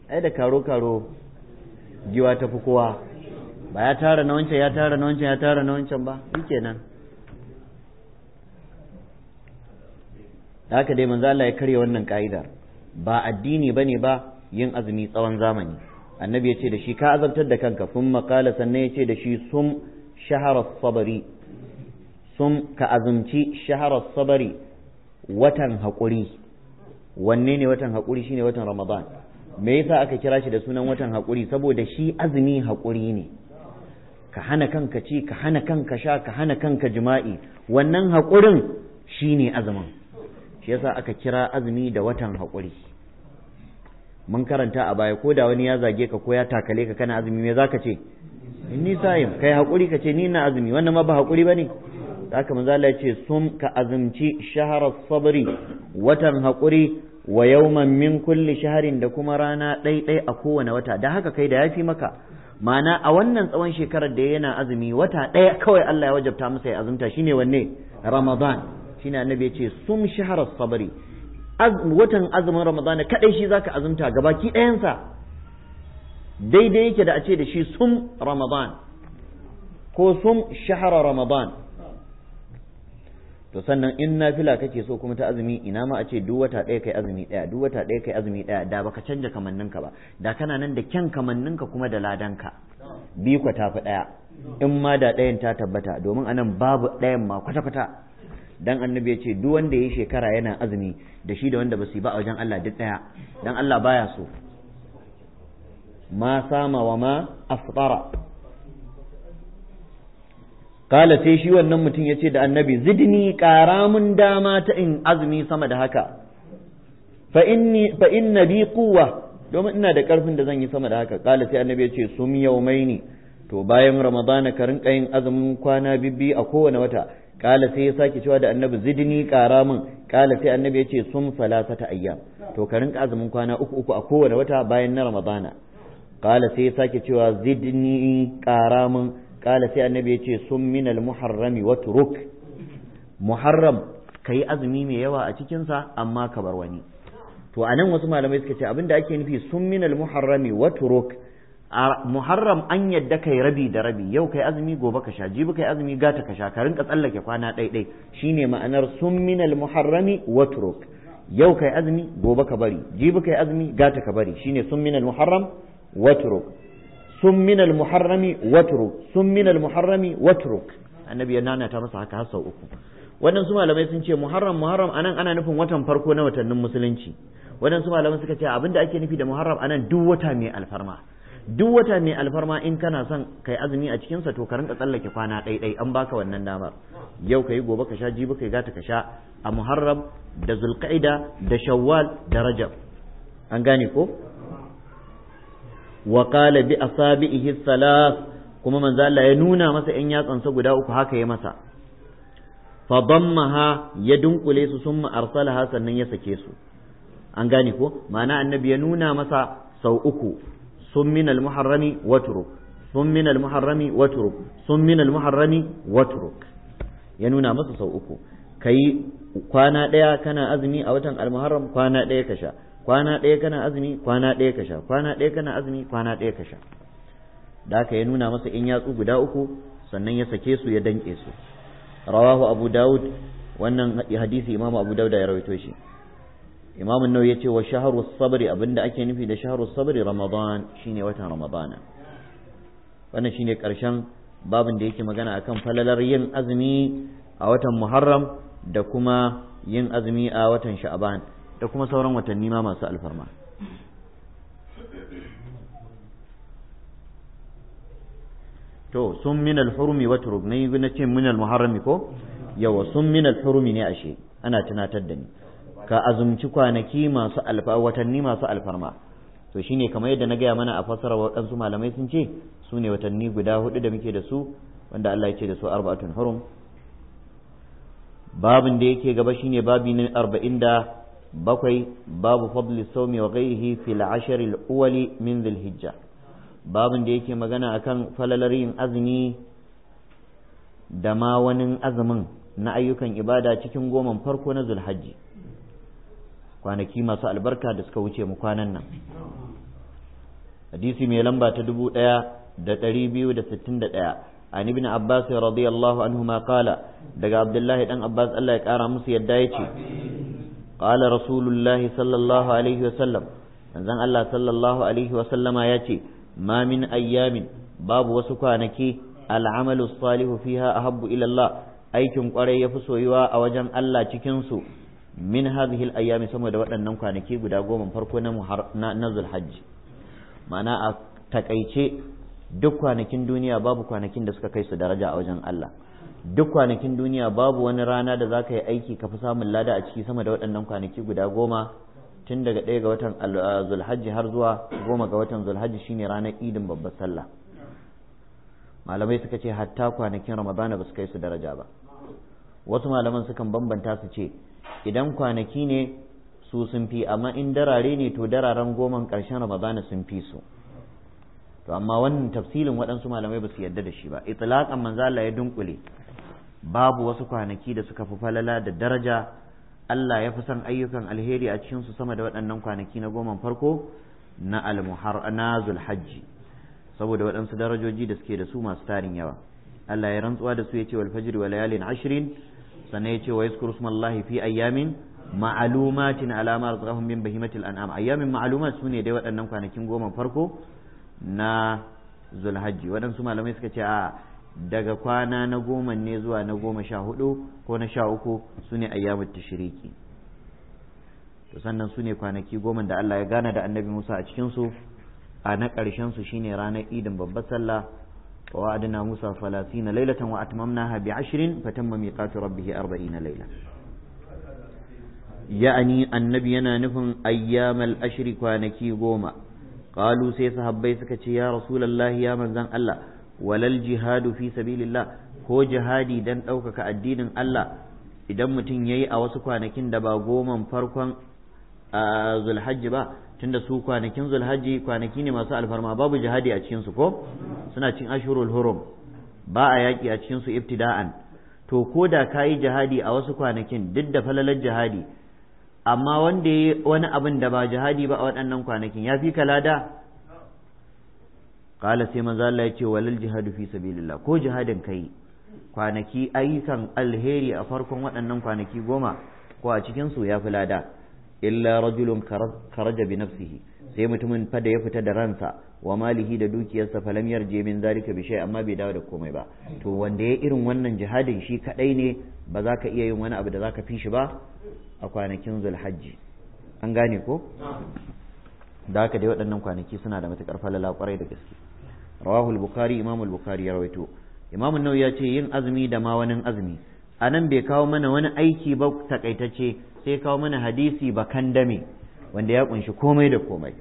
[SPEAKER 1] ai da karo karo giwa ta fi kowa ba ya tara na wancan ya tara na wancan ya tara na wancan ba shikenan da haka dai manzo Allah ya karya wannan ka'idar ba addini bane ba yin azumi tsawon zamani annabi ya ce da shi ka azabtar da kanka sun makala sannan ya ce da shi sun شهر sabari sun ka azumci shaharar sabari watan haƙuri wanne ne watan haƙuri shine watan ramadan me yasa aka kira shi da sunan watan hakuri saboda shi azumi hakuri ne ka hana kanka ci ka hana kanka sha ka hana kanka jima'i wannan haƙurin shine azumin shi yasa aka kira azumi da watan hakuri. mun karanta a baya ko da wani ya zage ka ko ya takale ka kana azumi me zaka ce inni sa'im kai hakuri ka ce ni na azumi wannan ma ba hakuri bane haka manzo Allah ya ce sum ka azumci shahara sabri watan hakuri wa yawman min kulli shaharin da kuma rana ɗaiɗai a kowane wata da haka kai da yafi maka ma'ana a wannan tsawon shekarar da yana azumi wata ɗaya kawai Allah ya wajabta masa ya azumta shine wanne ramadan shine annabi ya ce sum shaharar sabri watan azumin ramadana kadai shi zaka azumta gabaki ɗayansa daidai yake da a ce da shi sum ramadan ko sun shahara ramadan to sannan in na fila kake so kuma ta azumi ina ma a ce duk wata ɗaya kai azumi ɗaya duk wata ɗaya kai azumi ɗaya da baka canja kamanninka ba da kana nan da kyan kamanninka kuma da ladanka biyu kwa tafi ɗaya in ma da ɗayan ta tabbata domin anan babu ɗayan ma kwata-kwata dan annabi ya ce duk wanda yayi shekara yana azumi da shi da wanda ba su ba a wajen Allah duk daya dan Allah baya so ma sama wa ma afṭara kala sai shi wannan mutum ya ce da annabi zidni ƙara dama ta in azumi sama da haka fa inna bi quwwa domin ina da ƙarfin da zan yi sama da haka kala sai annabi ya ce sum yawmaini to bayan ramadana ka rinka yin azumin kwana bibbi a kowane wata kala sai ya sake cewa da annabi zidni kara min kala sai annabi ya ce sum salasata ayyam to ka rinka azumin kwana uku uku a kowane wata bayan na ramadana kala sai ya sake cewa zidni kara min kala sai annabi ya ce sum min al muharrami wa turuk muharram kai azumi mai yawa a cikinsa amma ka bar wani to anan wasu malamai suka ce abinda ake nufi sun min al muharrami wa turuk a muharram an yadda kai rabi da rabi yau kai azumi gobe ka sha jibi kai azumi gata ka sha ka rinka tsallake kwana ɗaiɗai shine ma'anar sun minal muharrami watruk yau kai azumi gobe ka bari jibi kai azumi gata ka bari shine sun minal muharram watruk sun minal muharrami watruk sun minal muharrami watruk annabi ya nana ta masa haka har sau uku waɗansu malamai sun ce muharram muharram anan ana nufin watan farko na watannin musulunci waɗansu malamai suka ce abinda ake nufi da muharram anan duk wata mai alfarma duk wata mai alfarma in kana son kai azumi a cikinsa to ka rinka tsallake kwana ɗaiɗai an baka wannan damar yau ka yi gobe ka sha jibi kai gata ka sha a muharram da zulqa'ida da shawwal da rajab an gane ko wa qala bi asabihi kuma manzo Allah ya nuna masa ya yatsansa guda uku haka ya masa fa dammaha ya dunkule su summa arsalaha sannan ya sake su an gane ko ma'ana annabi ya nuna masa sau uku sun min al-muharrami watruk sun min al-muharrami watruk ya nuna masa sau uku kai kwana ɗaya kana azumi a watan al-muharram kwana ɗaya ka sha kwana ɗaya kana azumi kwana ɗaya ka sha kwana ɗaya kana azumi kwana ɗaya ka sha da haka ya nuna masa in yatsu guda uku sannan ya sake su ya danke su rawahu abu dawud wannan hadisi imamu abu dawud ya rawaito shi imam an ya ce wa shahru as abinda ake nufi da shahru as ramadan shine watan ramadana wannan shine karshen babin da yake magana akan falalar yin azumi a watan muharram da kuma yin azumi a watan sha'ban da kuma sauran watanni ma masu alfarma to sun min al-hurmi wa na ce min al-muharrami ko yawa sun min al ne ashe ana tunatar da ni ka azumci kwanaki masu alfa watanni masu alfarma to shine kamar yadda na gaya mana a fasara waɗansu malamai sun ce su ne watanni guda hudu da muke da su wanda Allah ya ce da su arba'atun hurum babin da yake gaba shine babi na arba'in da bakwai babu fadli saumi wa ghairihi fil ashr al awwali min dhil hijja babin da yake magana akan falalar yin azumi da ma wani azumin na ayyukan ibada cikin goman farko na zulhajji kwanaki masu albarka da suka wuce mu kwanan nan hadisi mai lamba ta dubu ɗaya da ɗari biyu da sittin da ɗaya an ibn abbas radiyallahu anhuma qala daga abdullahi dan abbas Allah ya kara musu yadda yace qala rasulullahi sallallahu alaihi wa sallam manzon Allah sallallahu alaihi wa sallama yace ma min ayyamin babu wasu kwanaki al'amalu salihu fiha a habbu Allah aikin kwarai yafi soyuwa a wajen Allah cikin su min hadhihi al-ayyam sama da waɗannan kwanaki guda goma farko na na zulhajj ma'ana a takaice duk kwanakin duniya babu kwanakin da suka kai su daraja a wajen Allah duk kwanakin duniya babu wani rana da za ka yi aiki ka fi samun lada a ciki sama da waɗannan kwanaki guda goma tun daga ɗaya ga watan zulhaji har zuwa goma ga watan zulhajji shine ranar idin babbar sallah malamai suka ce hatta kwanakin ramadana ba su kai su daraja ba wasu malaman sukan bambanta su ce idan kwanaki ne su sun fi amma in darare ne to dararen goman ƙarshen ramadana sun fi su to amma wannan tafsilin waɗansu malamai ba su yadda da shi ba itlaqan manzo Allah ya dunkule babu wasu kwanaki da suka fi falala da daraja Allah ya fi son ayyukan alheri a cikin su sama da waɗannan kwanaki na goma farko na almuhar na zulhajji saboda waɗansu darajoji da suke da su masu tarin yawa Allah ya rantsuwa da su ya ce wal fajr wa layalin sannan ya ce wa yaskuru smallahi fi ayyamin ma'alumatin alama razaqahum min bahimatil an'am ayyamin ma'alumat sune dai waɗannan kwanakin goma farko na zulhajji waɗansu malamai suka ce a daga kwana na goma ne zuwa na goma sha hudu ko na sha uku sune ayyamut tashiriki to sannan sune kwanaki goma da Allah ya gana da annabi Musa a cikin su a na ƙarshen su shine ranar idin babbar sallah ووعدنا موسى ثلاثين ليلة وأتممناها بعشر فتم ميقات ربه أربعين ليلة يعني النبي نفن أيام الأشر كانكي قوما قالوا سيسهبي سكتي يا رسول الله يا من زن الله ولا الجهاد في سبيل الله هو جهادي دن أوكك الدين الله idan mutum ya yi a wasu kwanakin da ba goman farkon zulhajji ba tunda su kwanakin zulhaji kwanaki ne masu alfarma babu jihadi a cikinsu ko suna cin ashurul hurum ba a yaƙi a cikinsu ibtida'an to ko da ka yi jihadi a wasu kwanakin duk da falalar jihadi amma wanda ya wani abin da ba jihadi ba a waɗannan kwanakin ya fi kalada kala sai manzo Allah ya ce walal jihadu fi sabilillah ko jihadin kai kwanaki ayyukan alheri a farkon waɗannan kwanaki goma ko a cikinsu ya fi lada illa rajulun kharaja bi nafsihi sai mutumin fa da ya fita da ransa wa malihi da dukiyarsa fa lam yarje min zalika bi shay amma bai dawo da komai ba to wanda ya irin wannan jihadin shi kadai ne ba za ka iya yin wani abu da za ka fi shi ba a kwanakin zulhajji an gane ko da haka dai waɗannan kwanaki suna da matukar falala kwarai da gaske rawahu al-bukhari imam al-bukhari ya rawaito imam an-nawawi ya ce yin azumi da ma wani azumi anan bai kawo mana wani aiki ba takaitacce sai kawo mana hadisi bakan dame wanda ya kunshi komai da komai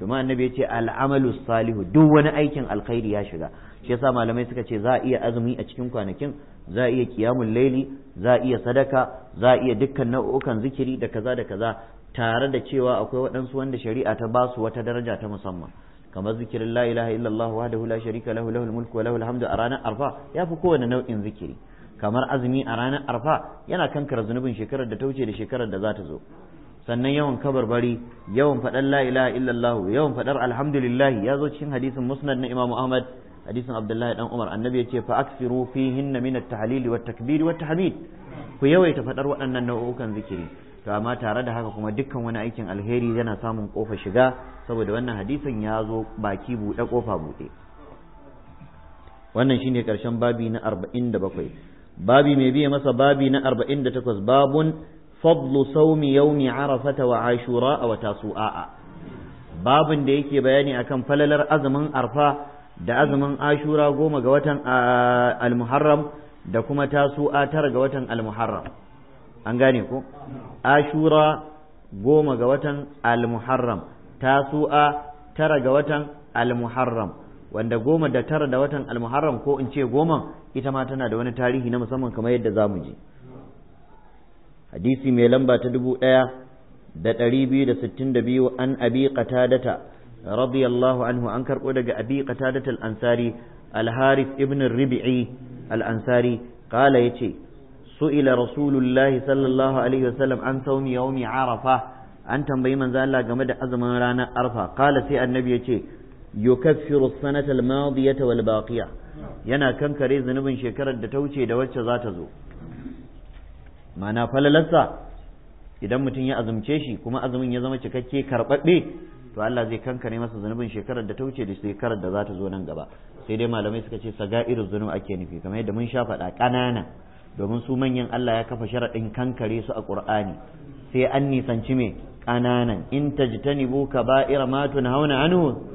[SPEAKER 1] domin annabi ya ce al'amalu salihu duk wani aikin alkhairi ya shiga shi yasa malamai suka ce za a iya azumi a cikin kwanakin za a iya kiyamun laili za a iya sadaka za a iya dukkan nau'ukan zikiri da kaza da kaza tare da cewa akwai waɗansu wanda shari'a ta ba su wata daraja ta musamman kamar zikirin la ilaha illallah wahdahu la sharika lahu lahul mulku wa lahul hamdu a ranar arfa ya fi kowane nau'in zikiri kamar azumi a ranar arfa yana kankara zunubin shekarar da ta wuce da shekarar da za ta zo sannan yawan kabarbari yawan faɗar la ilaha illallah yawan faɗar alhamdulillah ya zo cikin hadisin musnad na imamu ahmad hadisin abdullahi dan umar annabi ya ce fa aksiru fihinna min at-tahlil wa takbir wa tahmid ku yawaita faɗar waɗannan nau'ukan zikiri to amma tare da haka kuma dukkan wani aikin alheri yana samun kofa shiga saboda wannan hadisin ya zo baki buɗe kofa buɗe wannan shine karshen babi na 47 babi mai biye masa babi na 48 babun fadlu saumi yaumi arafata wa ashura wa tasu'a babin da yake bayani akan falalar azumin arfa da azumin ashura goma ga watan almuharram da kuma tasu'a tara ga watan almuharram an gane ko ashura goma ga watan almuharram tasu'a tara ga watan almuharram wanda goma da tara da watan almuharram ko in ce goma ita ma tana da wani tarihi na musamman kamar yadda za mu ji hadisi mai lamba ta dubu ɗaya da ɗari biyu da sittin da biyu an abi qatadata radiyallahu anhu an karɓo daga abi qatadata al-ansari al-harith ibn ribi'i al-ansari qala yace su'ila rasulullahi sallallahu alaihi wasallam an sawmi yawmi arafa an tambayi manzo Allah game da azumin ranar arfa qala sai annabi yace yukaffiru sanata al-madiyata wal baqiyah yana kankare zunubin shekarar da ta wuce da wacce za ta zo mana falalarsa idan mutum ya azumce shi kuma azumin ya zama cikakke karɓaɓɓe to Allah zai kankare masa zunubin shekarar da ta wuce da shekarar da za ta zo nan gaba sai dai malamai suka ce saga irin zunub ake nufi kamar yadda mun sha faɗa ƙanana domin su manyan Allah ya kafa sharaɗin kankare su a Ƙur'ani sai an nisanci me ƙananan in ta tajtanibu kaba'ira ma tunhauna anhu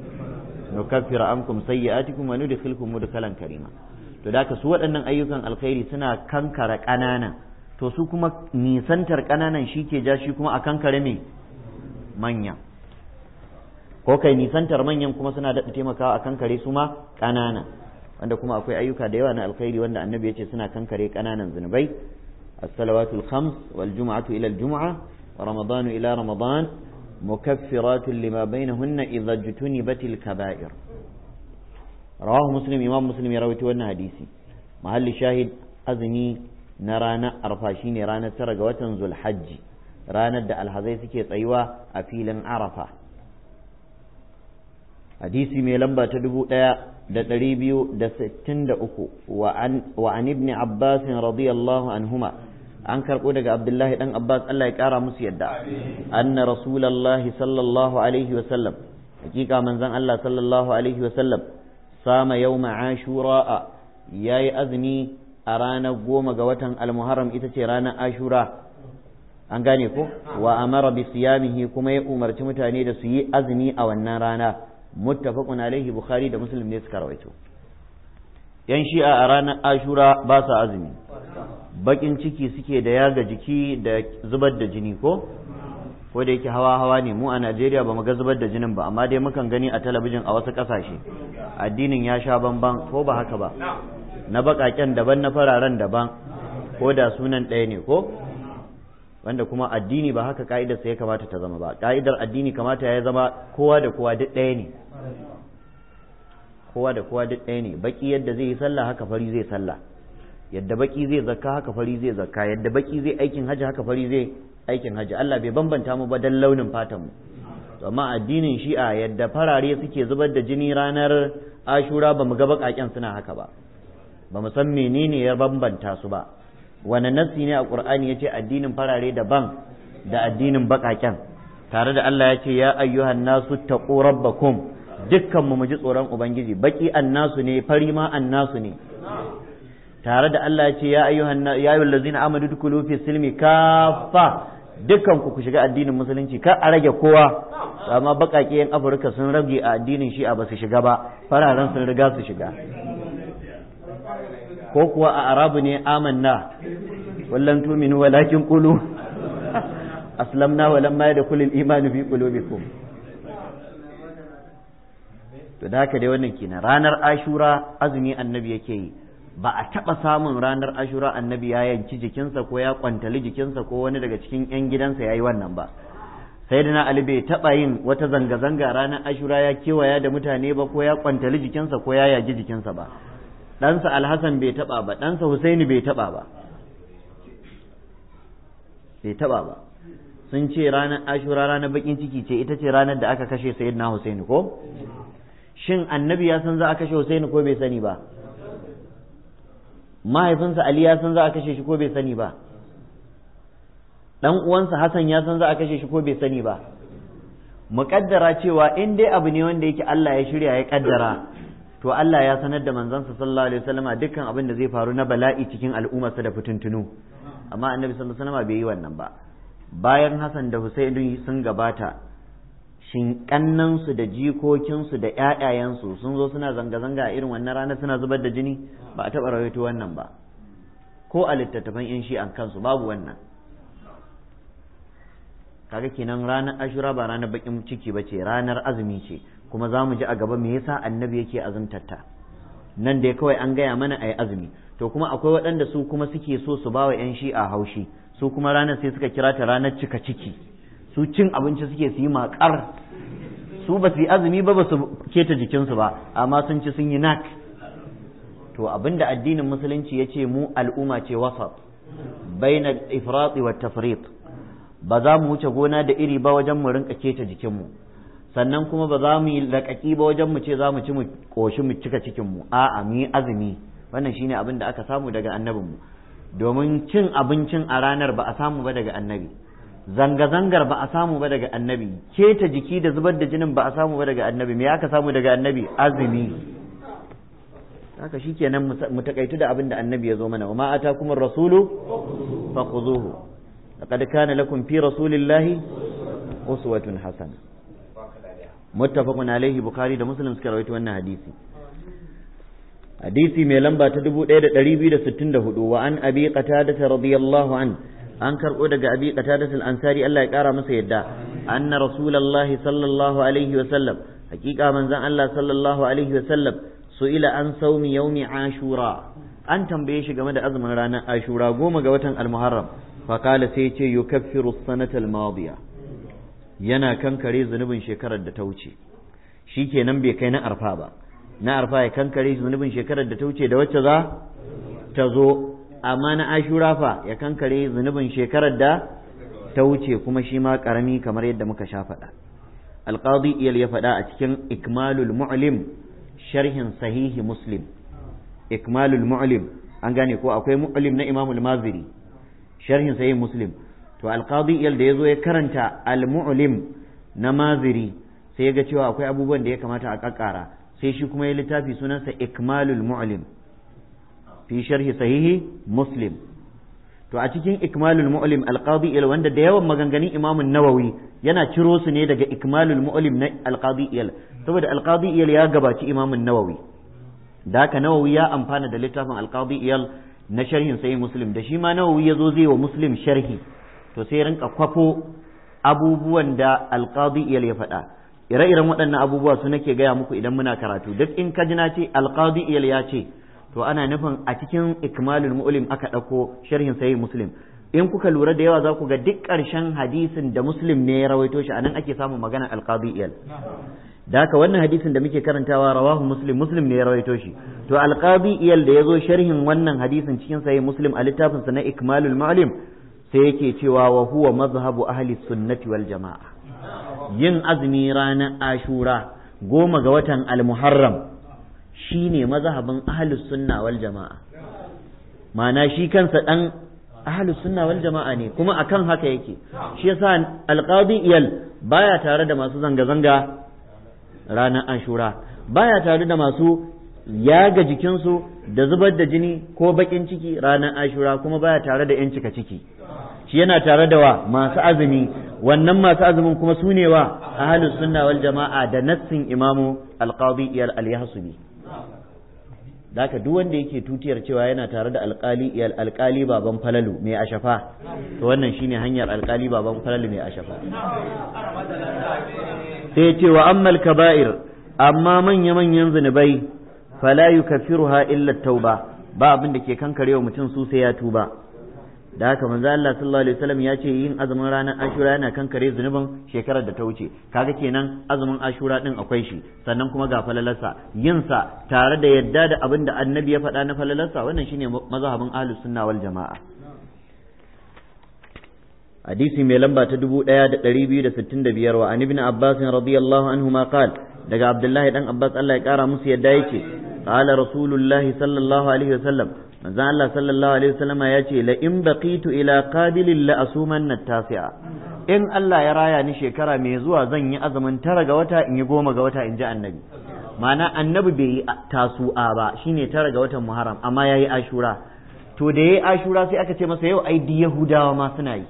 [SPEAKER 1] nukaffira ankum sayyi'atikum wa nudkhilukum mudkhalan karima to da su waɗannan ayyukan alkhairi suna kankara ƙanana to su kuma nisantar ƙananan shi ke ja shi kuma a kankare me manya ko kai nisantar manyan kuma suna daɗa taimakawa a kankare su ma ƙanana wanda kuma akwai ayyuka da yawa na alkhairi wanda annabi ya ce suna kankare ƙananan zunubai as-salawatul khams wal jum'atu ila al-jum'a wa ramadanu ila ramadan mukaffiratun lima bainahunna idza jutunibatil kaba'ir rawahu muslim imam muslim ya rawaito wannan hadisi muhalli shahid azumi na ranar arfa shine ranar tara ga watan zulhajji ranar da alhazai suke tsayuwa a filin arafa hadisi mai lamba ta dubu ɗaya da ɗari biyu da sittin da uku wa an ibni abbasin radiyallahu anhuma an karɓo daga abdullahi ɗan abbas allah ya ƙara musu yadda anna rasulallahi sallallahu alaihi wasallam hakika manzon allah sallallahu alaihi wasallam sama yawma ashura'a yayi azumi a ranar goma ga watan almuharram ita ce ranar ashura an gane ko wa amara bi siyamihi kuma ya umarci mutane da su yi azumi a wannan rana muttafaqun alaihi bukhari da muslim ne suka rawaito yan shi'a a ranar ashura ba sa azumi bakin ciki suke da yaga jiki da zubar da jini ko ko da yake hawa hawa ne mu a Najeriya ba ga zubar da jinin ba amma dai mukan gani a talabijin a wasu kasashe addinin ya sha bamban ko ba haka ba na bakaken daban na fararen daban ko da sunan ɗaya ne ko wanda kuma addini ba haka ka'idar ya kamata ta zama ba ka'idar addini kamata ya zama kowa da kowa duk ɗaya ne kowa da kowa duk ɗaya ne baki yadda zai yi sallah haka fari zai sallah yadda baki zai zakka haka fari zai zakka yadda baki zai aikin haji haka fari zai aikin haji Allah bai bambanta mu ba dan launin fatan mu to amma addinin shi'a yadda farare suke zubar da jini ranar ashura ba mu ga bakaken suna haka ba ba mu san menene ya bambanta su ba wani nassi ne a qur'ani yace addinin farare daban da addinin bakaken tare da Allah yace ya ayyuhan nasu taqu rabbakum dukkan mu mu ji tsoron ubangiji baki annasu ne fari ma annasu ne tare da Allah ya ce ya ayyuhan ya ayyuhal ladzina amanu dukulu fi silmi kaffa dukkan ku ku shiga addinin musulunci kar a rage kowa amma bakake yan Afirka sun rage a addinin shi a basu shiga ba fararen sun riga su shiga ko kuwa a arabu ne amanna wallan tuminu walakin qulu <laughs> aslamna walamma yadkhul al-iman fi qulubikum to da haka dai wannan kenan ranar ashura azumi annabi yake yi ba a taɓa samun ranar ashura annabi ya yanki jikinsa ko ya kwantali jikinsa ko wani daga cikin 'yan gidansa ya yi wannan ba sai da na ali bai taɓa yin wata zanga-zanga ranar ashura ya kewaya da mutane ba ko ya kwantali jikinsa ko ya yagi jikinsa ba ɗansa alhassan bai taɓa ba ɗansa husaini bai taɓa ba bai taɓa ba sun ce ranar ashura ranar bakin ciki ce ita ce ranar da aka kashe sayyidina husaini ko shin annabi ya san za a kashe husaini ko bai sani ba mahaifinsa ali ya san za a kashe shi ko bai sani ba dan uwansa Hassan ya san za a kashe shi ko bai sani ba muƙaddara cewa in dai abu ne wanda yake Allah ya shirya ya kaddara to Allah ya sanar da manzansa sallallahu alaihi wasallam dukkan abin da zai faru na bala'i cikin al'ummarsa da fitintunu amma annabi sallallahu alaihi wasallam bai yi wannan ba bayan Hassan da Hussaini sun gabata shin kannansu da jikokinsu da ƴaƴayensu sun zo suna zanga-zanga a irin wannan rana suna zubar da jini ba a taɓa rawaito wannan ba ko a littattafan yan shi an kansu babu wannan kaga kenan ranar ashura ba ranar bakin ciki ba ce ranar azumi ce kuma za mu ji a gaba me yasa annabi yake azumtatta. nan dai kawai an gaya mana a yi azumi to kuma akwai waɗanda su kuma suke so su bawa yan shi a haushi su kuma ranar sai suka kira ta ranar cika ciki su cin abinci suke su yi makar su ba su yi azumi ba ba su keta jikinsu ba amma sun ci sun yi nak to abinda addinin musulunci ya ce mu al'umma ce wasat bainal ifrati wa tafrit ba za mu wuce gona da iri ba wajen mu rinka keta jikinmu sannan kuma ba za mu yi laƙaƙi ba wajen mu ce za mu ci mu ƙoshi mu cika cikinmu a'a mu azumi wannan shine abin da aka samu daga annabinmu domin cin abincin a ranar ba a samu ba daga annabi zanga-zangar ba a samu ba daga annabi keta jiki da zubar da jinin ba a samu ba daga annabi me aka samu daga annabi azumi haka shikenan mu takaitu da abin da annabi ya zo mana wa ma atakum rasulu fakhuzuhu laqad kana lakum fi rasulillahi uswatun hasana muttafaqun Alayhi bukhari da muslim suka rawaito wannan hadisi hadisi mai lamba ta 1264 wa an abi qatada radiyallahu anhu an karɓo daga abi qatadatul ansari Allah ya ƙara masa yadda anna rasulullahi sallallahu alaihi wa sallam hakika manzon Allah sallallahu alaihi wa sallam su'ila an saumi yaumi ashura an tambaye shi game da azumin ranar ashura goma ga watan almuharram fa qala sai ya ce yukaffiru sanata almadiya yana kankare zunubin shekarar da ta wuce shikenan bai kai na arfa ba na arfa ya kankare zunubin shekarar da ta wuce da wacce za ta zo amma na ashura fa ya kankare zunubin shekarar da ta wuce kuma shi ma karami kamar yadda muka sha faɗa alqadi iyal ya faɗa a cikin ikmalul mu'lim sharhin sahihi muslim ikmalul mu'lim an gane ko akwai mu'lim na imamul maziri sharhin sahihi muslim to alqadi iyal da ya zo ya karanta al mu'lim na maziri sai ya ga cewa akwai abubuwan da ya kamata a kakkara sai shi kuma ya littafi sunansa ikmalul mu'lim fi sharhi sahihi muslim to a cikin ikmalul mu'lim alqadi il wanda da yawan maganganun imamun nawawi yana ciro su ne daga ikmalul mu'lim na alqadi il saboda alqadi il ya gabaci imamun nawawi da haka nawawi ya amfana da littafin alqadi il na sharhin sai muslim da shi ma nawawi ya zo zai wa muslim sharhi to sai rinka kwafo abubuwan da alqadi iyal ya faɗa ire-iren waɗannan abubuwa su nake gaya muku idan muna karatu duk in ka ji na ce alqadi iyal ya ce to ana nufin a cikin ikmalul mu'lim aka ɗauko sharhin sahih muslim in kuka lura da yawa za ku ga duk ƙarshen hadisin da muslim ne ya rawaito shi anan ake samun magana alqadi iyal da haka wannan hadisin da muke karantawa rawahu muslim muslim ne ya rawaito shi to alqadi iyal da yazo sharhin wannan hadisin cikin sahih muslim a littafin sa na ikmalul mu'lim sai yake cewa wa huwa mazhabu ahli sunnati wal jama'a yin azumi ranar ashura goma ga watan almuharram shine mazhabin ahlus sunna wal jama'a ma'ana shi kansa dan ahlus sunna wal jama'a ne kuma akan haka yake shi yasa alqadi iyal baya tare da masu zanga zanga ranar ashura baya tare da masu yaga jikinsu da zubar da jini ko bakin ciki ranar ashura kuma baya tare da 'yan cika ciki shi yana tare da wa masu azumi wannan masu azumin kuma su ne wa ahalus sunna wal jama'a da nassin imamu alqadi iyal al-yahsubi da duk wanda yake tutiyar cewa yana tare da alkali iyal alkali baban falalu mai ashafa to wannan shine hanyar alkali baban falalu mai ashafa sai ya ce wa ammal kaba'ir amma manya manyan zunubai fala yukaffiruha illa tauba ba abin da ke kankarewa mutum su sai ya tuba da haka manzo Allah sallallahu alaihi wasallam ya ce yin azumin ranar Ashura yana kankare zunubin shekarar da ta wuce kaga kenan azumin Ashura din akwai shi sannan kuma ga falalarsa yin sa tare da yadda da abin da annabi ya faɗa na falalarsa wannan shine mazhabin ahlus sunna wal jamaa hadisi mai lamba ta 1265 wa an ibn Abbas radiyallahu anhu ma qala daga Abdullahi dan Abbas Allah ya kara musu yadda yake qala rasulullahi sallallahu alaihi wasallam manzon Allah sallallahu alaihi wasallama ya ce la in baqitu ila qabilin la asumanna tasi'a in Allah ya raya ni shekara mai zuwa zan yi azumin tara ga wata in yi goma ga wata in ji annabi ma'ana annabi bai yi tasu'a ba shine tara ga watan muharram amma yayi ashura to da yayi ashura sai aka ce masa yau ai di yahudawa ma suna yi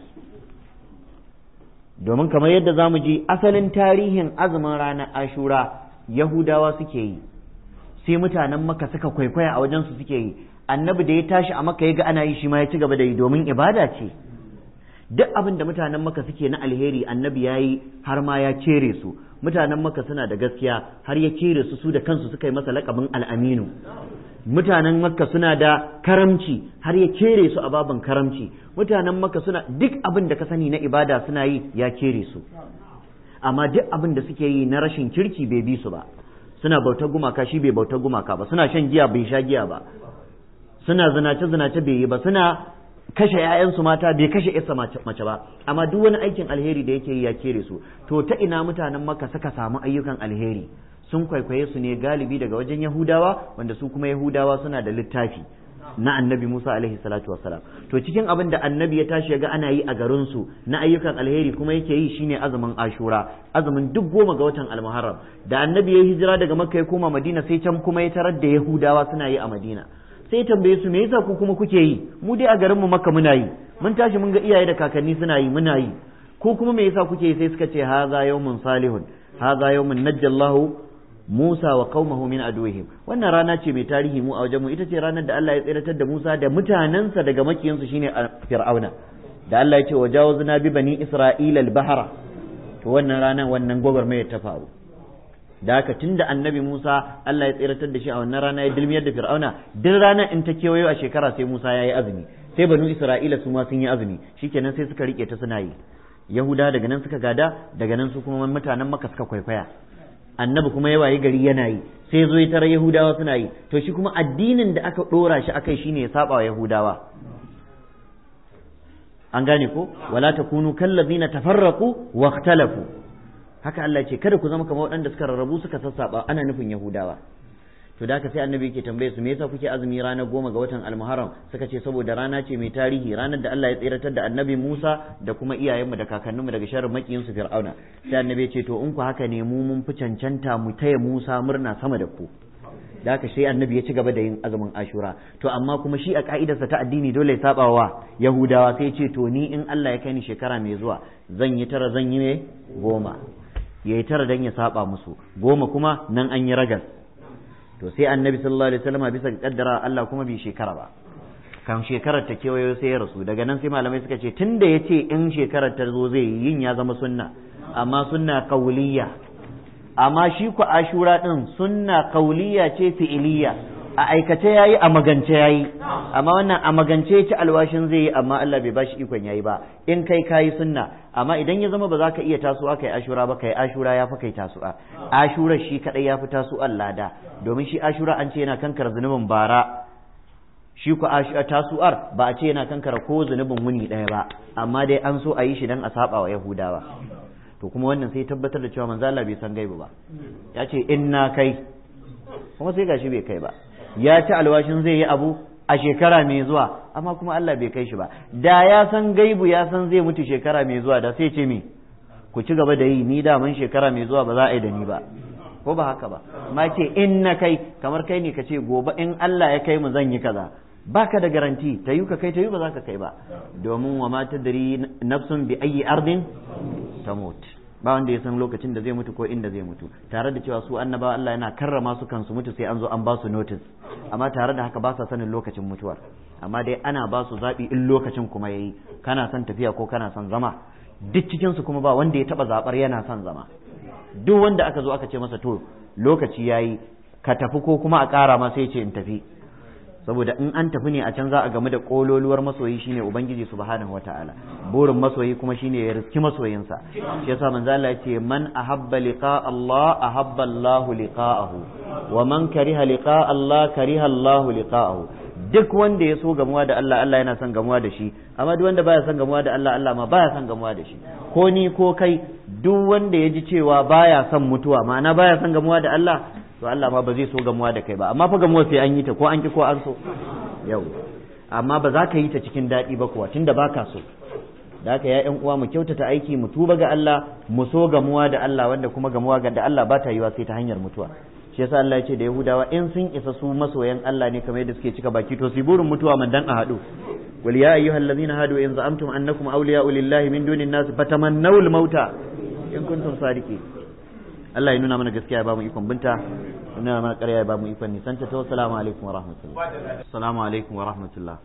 [SPEAKER 1] domin kamar yadda zamu ji asalin tarihin azumin ranar ashura yahudawa suke yi sai mutanen maka suka kwaikwaya a wajen su suke yi annabi da ya tashi a maka ya ga ana yi shi ma ya ci gaba da yi domin ibada ce duk abin da mutanen maka suke na alheri annabi ya yi har ma ya cere su mutanen maka suna da gaskiya har ya cere su su da kansu suka yi masa lakabin al'aminu mutanen makka suna da karamci har ya cere su a babin karamci mutanen makka suna duk abin da ka sani na ibada suna yi ya cere su amma duk abin da suke yi na rashin kirki bai bi su ba suna bauta gumaka shi bai bauta gumaka ba suna shan giya bai sha giya ba suna zinace zinace bai yi ba suna kashe 'ya'yansu mata bai kashe isa mace ba amma duk wani aikin alheri da yake yi ya kere su to ta ina mutanen maka suka samu ayyukan alheri sun kwaikwaye su ne galibi daga wajen yahudawa wanda su kuma yahudawa suna da littafi na annabi Musa alaihi salatu wassalam to cikin abin da annabi ya tashi ga ana yi a garin su na ayyukan alheri kuma yake yi shine azumin Ashura azumin duk goma ga watan Almuharram da annabi ya hijira daga Makka ya koma Madina sai can kuma ya tarar da Yahudawa suna yi a Madina sai tambaye su me yasa ku kuma kuke yi mu dai a garin mu makka muna yi mun tashi mun ga iyaye da kakanni suna yi muna yi ko kuma me yasa kuke yi sai suka ce haza yawmun salihun haza yawmun najjallahu Musa wa qaumahu min aduwihim wannan rana ce mai tarihi mu a wajen mu ita ce ranar da Allah ya tsiratar da Musa da mutanansa daga makiyansu shine Fir'auna da Allah ya ce wajawazna bi bani Isra'ila al-bahra to wannan rana wannan gwagwarmayar ta faru da haka tunda annabi Musa Allah ya tsiratar da shi a wannan rana ya dilmiyar da Fir'auna duk rana in ta kewayo a shekara sai Musa ya yi azumi sai banu Isra'ila su ma sun yi azumi shikenan sai suka rike ta suna yi Yahuda daga nan suka gada daga nan su kuma mutanen Makka suka kwaikwaya annabi kuma ya wayi gari yana yi sai zo tara Yahudawa suna yi to shi kuma addinin da aka dora shi akai shine ya saba wa Yahudawa an gane ko wala takunu kallazina tafarraqu wa ikhtalafu haka Allah ce kada ku zama kamar waɗanda suka rarrabu suka sassaɓa. ana nufin yahudawa to da haka sai annabi yake tambaye su me yasa kuke azumi ranar goma ga watan almuharram suka ce saboda rana ce mai tarihi ranar da Allah ya tsiratar da annabi Musa da kuma iyayenmu da kakanninmu daga sharrin makiyin su Fir'auna sai annabi ya ce to in ku haka ne mu mun fi cancanta mu taya Musa murna sama da ku da haka sai annabi ya ci gaba da yin azumin ashura to amma kuma shi a ka'idarsa ta addini dole ya saba wa yahudawa sai ya ce to ni in Allah ya kai ni shekara mai zuwa zan yi tara zan yi goma ya yi tara don ya saba musu goma kuma nan an yi ragas to sai annabi sallallahu alaihi wasallam bisa kaddara Allah kuma bi shekara ba kan shekarar ta kewayo sai ya rasu daga nan sai malamai suka ce tunda ya ce in shekarar ta zo zai yin ya zama sunna amma sunna kauliya amma shi ku ashura din sunna kauliya ce fi'iliya a aikace yayi a magance yayi amma wannan a magance ta alwashin zai yi amma Allah bai bashi ikon yayi ba in kai kayi sunna amma idan ya zama ba za ka iya tasu'a kai ashura ba kai ashura ya fi kai tasu'a ashura shi kadai ya fi lada domin shi ashura an ce yana kankar zunubin bara shi ku tasuwar ba a ce yana kankara ko zunubin wuni ɗaya ba amma dai an so a yi shi dan a saba wa yahudawa to kuma wannan sai tabbatar da cewa manzo Allah bai san gaibu ba ya ce inna kai kuma sai gashi bai kai ba ya ci alwashin zai yi abu a shekara mai zuwa amma kuma Allah bai kai shi ba da ya san gaibu ya san zai mutu shekara mai zuwa da sai ce me ku ci gaba da yi ni da man shekara mai zuwa ba za a yi da ni ba ko ba haka ba amma ce in na kai kamar kai ne ka ce gobe in Allah ya kai mu zan yi kaza baka da garanti ta yi ka kai ta yi ba za ka kai ba domin wa ma tadri nafsun bi ayi ardin tamut ba wanda ya san lokacin da zai mutu ko inda zai mutu tare da cewa su annabawa Allah yana karrama su kansu mutu sai an zo an ba su notice amma tare da haka ba sa sanin lokacin mutuwar amma dai ana ba su zaɓi in lokacin kuma yayi kana son tafiya ko kana son zama duk cikin su kuma ba wanda ya taba zabar yana son zama duk wanda aka zo aka ce masa to lokaci yayi ka tafi ko kuma a ƙara ma sai ce in tafi saboda in an tafi ne a can za a game da kololuwar masoyi shine ubangiji subhanahu wataala burin masoyi kuma shine ya riski masoyinsa shi yasa manzo Allah yace man ahabba liqa Allah ahabba Allah liqa'ahu wa man kariha liqa Allah kariha Allah liqa'ahu duk wanda ya so gamuwa da Allah Allah yana son gamuwa da shi amma duk wanda baya son gamuwa da Allah Allah ma baya son gamuwa da shi ko ni ko kai duk wanda ya ji cewa baya son mutuwa ma'ana baya son gamuwa da Allah to Allah ma ba zai so gamuwa da kai ba amma fa gamuwa sai an yi ta ko an ki ko an so yau amma ba za ka yi ta cikin daɗi ba kuwa tunda baka so da haka ya ƴan uwa mu kyautata aiki mu tuba ga Allah mu so gamuwa da Allah wanda kuma gamuwa ga da Allah ba ta yiwa sai ta hanyar mutuwa shi yasa Allah ya ce da Yahudawa in sun isa su masoyan Allah ne kamar yadda suke cika baki to su burin mutuwa man dan a haɗu قل ya أيها الذين in إن زعمتم أنكم أولياء لله من دون الناس mauta. In in كنتم صادقين Allah ya nuna mana gaskiya ya ba mu ikon binta ya nuna mana ƙarya ya ba mu ikon nisanta ta salamu alaikum wa rahmatullah Salamu alaikum wa rahmatullah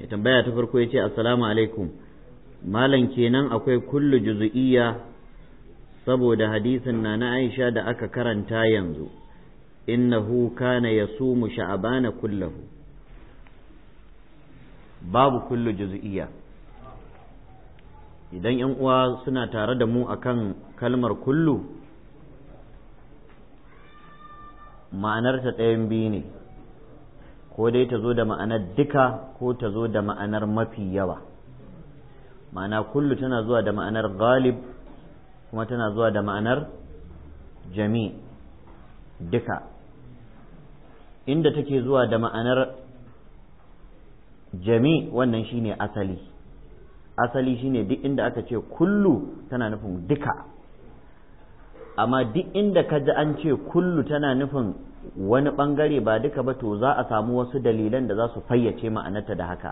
[SPEAKER 1] ya tambaya ta farko ya ce assalamu alaikum malam kenan akwai kullu juzu'iyya saboda hadisin na na Aisha da aka karanta yanzu innahu kana yasumu sha'bana kullahu babu kullu juzu'iyya idan yan uwa suna tare da mu akan kalmar kullu ma'anarta ɗayan biyu ne ko dai ta zo da ma'anar duka ko ta zo da ma'anar mafi yawa ma'ana kullu tana zuwa da ma'anar galib kuma tana zuwa da ma'anar jami duka inda take zuwa da ma'anar jami wannan shine asali asali shine duk inda aka ce kullu tana nufin duka amma duk inda ka ji an ce kullu tana nufin wani bangare ba duka ba to za a samu wasu dalilan da za su fayyace ma'anarta da haka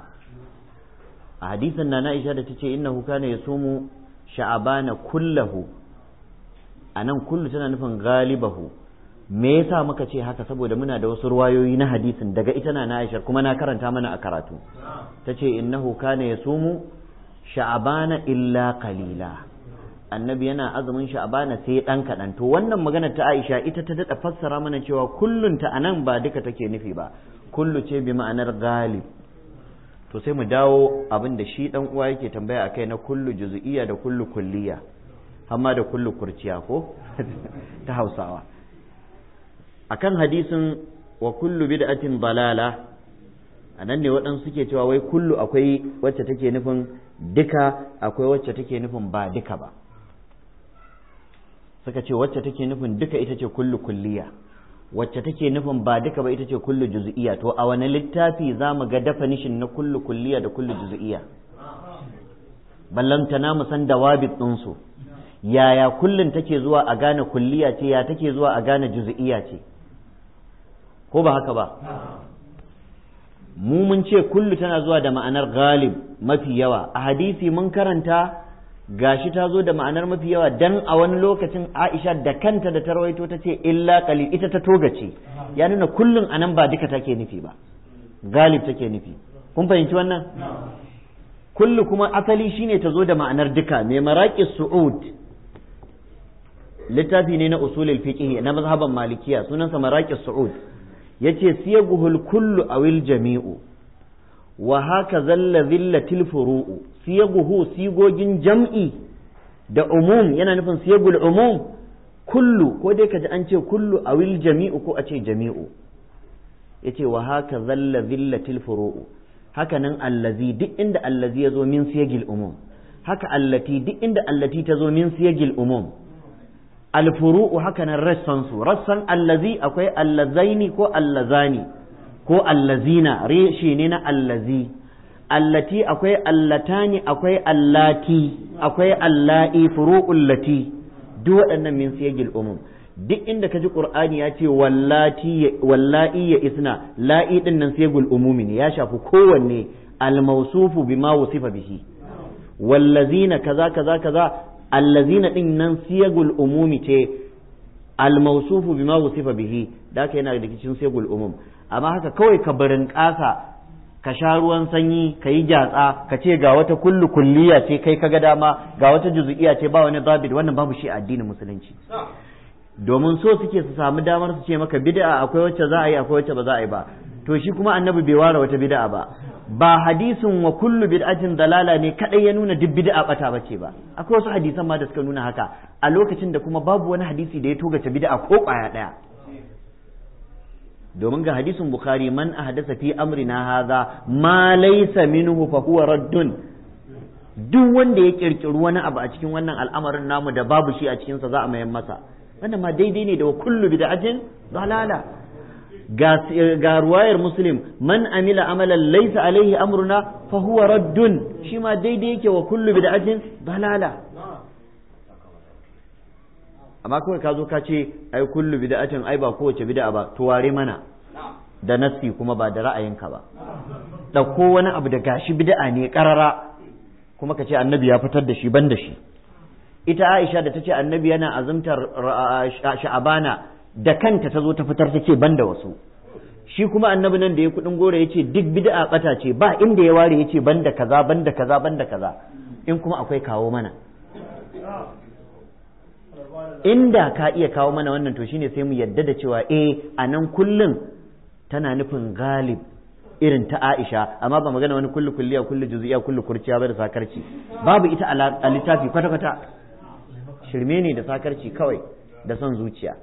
[SPEAKER 1] a hadisin na na'isha da ta ce innahu kana yasumu sha'abana kullahu anan kullu tana nufin galibahu me yasa muka ce haka saboda muna da wasu ruwayoyi na hadisin daga ita na na'isha kuma na karanta mana a karatu tace ce innahu kana yasumu sha'abana illa qalila annabi yana azumin shi a bana sai dan kaɗan to wannan magana ta aisha ita ta daɗa fassara mana cewa kullun ta anan ba duka take nufi ba kullu ce bi ma'anar galib to sai mu dawo abin da shi dan uwa yake tambaya akai na kullu juz'iyya da kullu kulliya amma da kullu kurciya ko <laughs> ta hausawa akan hadisin wa kullu bid'atin dalala anan ne waɗansu suke cewa wai kullu akwai wacce take nufin duka akwai wacce take nufin ba duka ba suka ce wacce take nufin duka ita ce kullu kulliya wacce take nufin ba duka ba ita ce kullu juz'iyya to a wani littafi za mu ga definition na kullu kulliya da kullu juz'iyya na mu san dawabit su, yaya kullun take zuwa a gane kulliya ce ya take zuwa a gane juz'iyya ce ko ba haka ba mu mun ce kullu tana zuwa da ma'anar galib mafi yawa a hadisi mun karanta gashi ta zo da ma'anar mafi yawa dan a wani lokacin Aisha da kanta da ta rawaito ta ce illa qalil ita ta togace ya nuna kullun nan ba duka take nufi ba galib take nufi kun fahimci wannan kullu kuma asali shine ta zo da ma'anar duka mai maraƙi su'ud littafi ne na usulul fiqh na mazhaban malikiya sunansa maraƙi su'ud yace siyaguhul kullu awil jami'u wa haka zalla zillatil furu'u siyaguhu sigogin jam'i da umum yana nufin siyagul umum kullu ko dai kaji an ce kullu a wiljami'u jami'u ko a ce jami'u yace wa haka zalla zillatil furu'u haka nan allazi duk inda allazi ya zo min siyagil umum haka allati duk inda allati ta zo min siyagil umum alfuru'u haka nan rassan rassan allazi akwai allazaini ko allazani ko allazina reshi ne na allazi allati akwai allatani akwai allati akwai alla'i furu'ul lati duk waɗannan min siyagil umum duk inda kaji qur'ani ya ce wallati walla'i ya isna la'i din nan siyagul umumi ne ya shafi kowanne almawsufu bima wusifa bihi wallazina kaza kaza kaza allazina din nan siyagul umumi ce almawsufu bima wusifa bihi da yana da cikin siyagul umum amma haka kawai ka barin ƙasa ka sha ruwan sanyi ka yi jatsa ka ce ga wata kullu kulliya ce kai ka ga dama ga wata juzu'iya ce ba wani zabit wannan babu shi addinin musulunci domin so suke su samu damar su ce maka bid'a akwai wacce za a yi akwai wacce ba za a yi ba to shi kuma annabi bai ware wata bid'a ba ba hadisin wa kullu bid'atin dalala ne kadai ya nuna duk bid'a bata bace ba akwai wasu hadisan ma da suka nuna haka a lokacin da kuma babu wani hadisi da ya togace bid'a ko kwaya daya domin ga hadisin bukhari man ahdasa fi amrina haza ma laysa minhu fa huwa raddun duk wanda ya kirkiri wani abu a cikin wannan al'amarin namu da babu shi a cikinsa za a mayan masa wannan ma daidai ne da wa kullu bid'atin dalala ga ga ruwayar muslim man amila amalan laisa alaihi amruna fa huwa raddun shi ma daidai yake wa kullu bid'atin dalala amma kawai ka zo ka ce ai kullu bid'atin ai ba kowace bid'a ba to ware mana da nassi kuma ba da ra'ayinka ba ɗauko wani abu da gashi bid'a ne karara kuma ka ce annabi ya fitar da shi ban da shi ita Aisha da tace annabi yana azumtar sha'abana da kanta ta zo ta fitar ta ce ban da wasu shi kuma annabi nan da ya kudin gore ya ce duk bid'a bata ce ba inda ya ware ya ce kaza ban da kaza ban da kaza in kuma akwai kawo mana inda ka iya kawo mana wannan to shine sai mu yadda da cewa eh a nan kullun tana nufin galib irin ta Aisha amma ba magana wani kullu kulliya kullu juz'iya kullu kurciya ba da sakarci babu ita a littafi kwata kwata shirme ne da sakarci kawai da son zuciya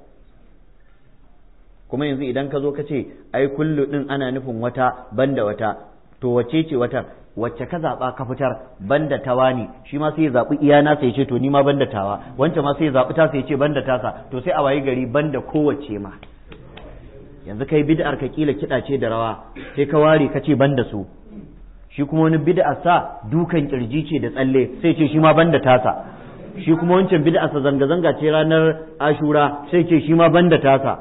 [SPEAKER 1] kuma yanzu idan ka zo ka ce ai kullu din ana nufin wata banda wata to wace ce wata wacce ka zaɓa ka fitar banda tawa ne shi ma sai ya zaɓi iya nasa ya ce to ni ma banda tawa wancan ma sai ya zaɓi tasa ya ce banda tasa to sai a wayi gari banda kowace ma yanzu kai bid'ar ka kila kiɗa ce da rawa sai ka ware ka ce banda su shi kuma wani bid'ar sa dukan kirji ce da tsalle sai ce shi ma banda tasa shi kuma wancan bid'ar sa zanga zanga ce ranar ashura sai ce shi ma banda tasa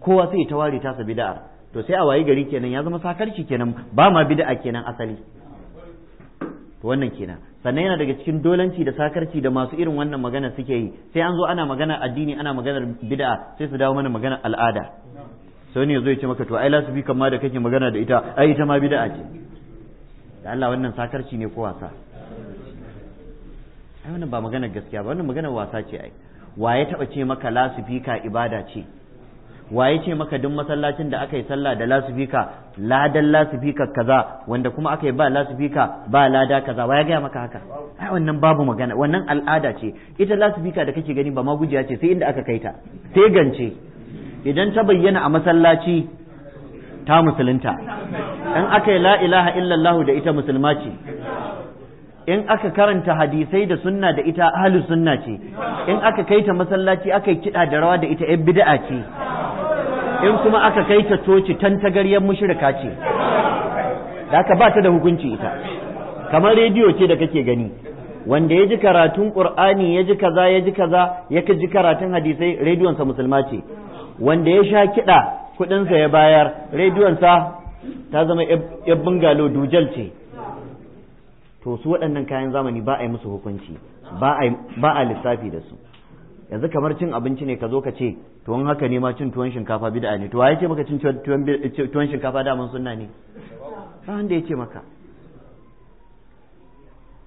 [SPEAKER 1] kowa sai ta ware tasa bid'ar to sai a wayi gari kenan ya zama sakarci kenan ba ma bid'a kenan asali to wannan kenan sannan yana daga cikin dolanci da sakarci da masu irin wannan magana suke yi sai an zo ana magana addini ana maganar bid'a sai su dawo mana magana al'ada sai ne zai ce maka to ai lasufi kan ma da kake magana da ita ai ita ma bid'a ce da Allah wannan sakarci ne ko wasa ai wannan ba magana gaskiya ba wannan magana wasa ce ai wa ya taba ce maka lasifika ibada ce Wa ya ce maka duk masallacin da aka yi sallah da lasifika ladan lasifika kaza wanda kuma aka yi ba lasifika ba lada kaza ya gaya maka haka ai wannan babu magana wannan al'ada ce ita lasifika da kake gani ba ma gujiya ce sai inda aka kai ta sai gance idan ta bayyana a masallaci ta musulunta in aka yi la ilaha illallah da ita musulma ce in aka karanta hadisai da sunna da ita ahli sunna ce in aka kai ta masallaci aka yi kiɗa da rawa da ita yan bid'a ce in kuma aka kai ta toci tantagaryen mushrika ce da aka ba ta da hukunci ita kamar rediyo ce da kake gani wanda ya ji karatun qur'ani ya ji kaza ya ji kaza ya ji karatun hadisai rediyonsa musulma ce wanda ya sha kiɗa kuɗinsa ya bayar sa ta zama yabbin galo dujal ce to su waɗannan kayan zamani ba a yi musu hukunci ba a lissafi da su yanzu kamar cin abinci ne ka zo ka ce tuwon haka ne ma cin tuwon shinkafa bid'a ne to waye ce maka cin tuwon shinkafa daman sunna ne ba wanda ya ce maka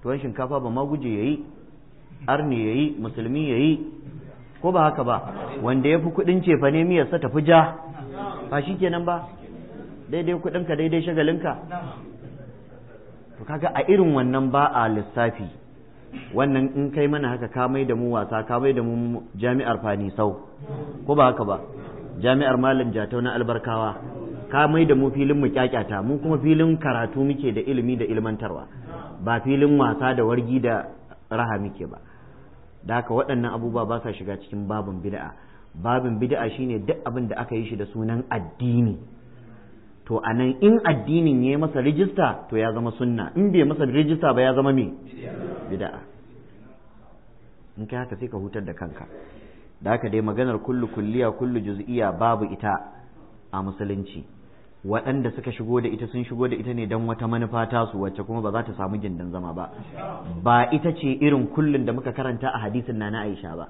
[SPEAKER 1] tuwon shinkafa ba ma guje yayi arne yayi musulmi yayi ko ba haka ba wanda ya fi kuɗin cefa ne miyarsa tafi ja ba shi kenan ba daidai kuɗinka daidai shagalinka to kaga a irin wannan ba a lissafi wannan in kai mana haka ka mai da mu wasa ka mai da mu jami'ar fani sau ko ba haka ba jami'ar malam jatau na albarkawa ka mai da mu filin mu kyakyata mu kuma filin karatu muke da ilimi da ilmantarwa ba filin wasa da wargi da raha muke ba da haka waɗannan abubuwa ba sa shiga cikin babin bida'a. babin bida'a shine duk abin da aka yi shi da sunan addini to a nan in addinin ya masa rijista to ya zama sunna in bai masa rijista ba ya zama me bida'a in kai haka sai ka hutar da kanka da haka dai maganar kullu kulliya kullu juz'iya babu ita a musulunci waɗanda suka shigo da ita sun shigo da ita ne don wata manufa tasu wacce kuma ba za ta samu gindin zama ba ba ita ce irin kullun da muka karanta a hadisin na na Aisha ba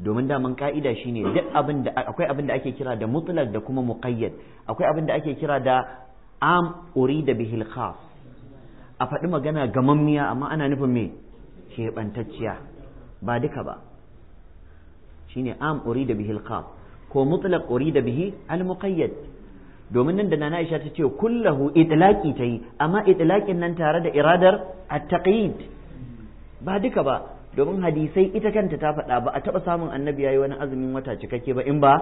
[SPEAKER 1] domin daman ka'ida shine duk abinda akwai abinda ake kira da mutlaq da kuma muqayyad akwai abinda ake kira da am urida bihil khas a faɗi magana gamammiya amma ana nufin me keɓantacciya ba duka ba shine am urida bihil khas ko mutlaq urida bihi al muqayyad domin nan da nana Aisha ta ce kullahu itlaqi ta yi amma itlaqin nan tare da iradar at taqyid ba duka ba domin hadisai ita kanta ta faɗa ba a taɓa samun annabi yayi wani azumin wata cikakke ba in ba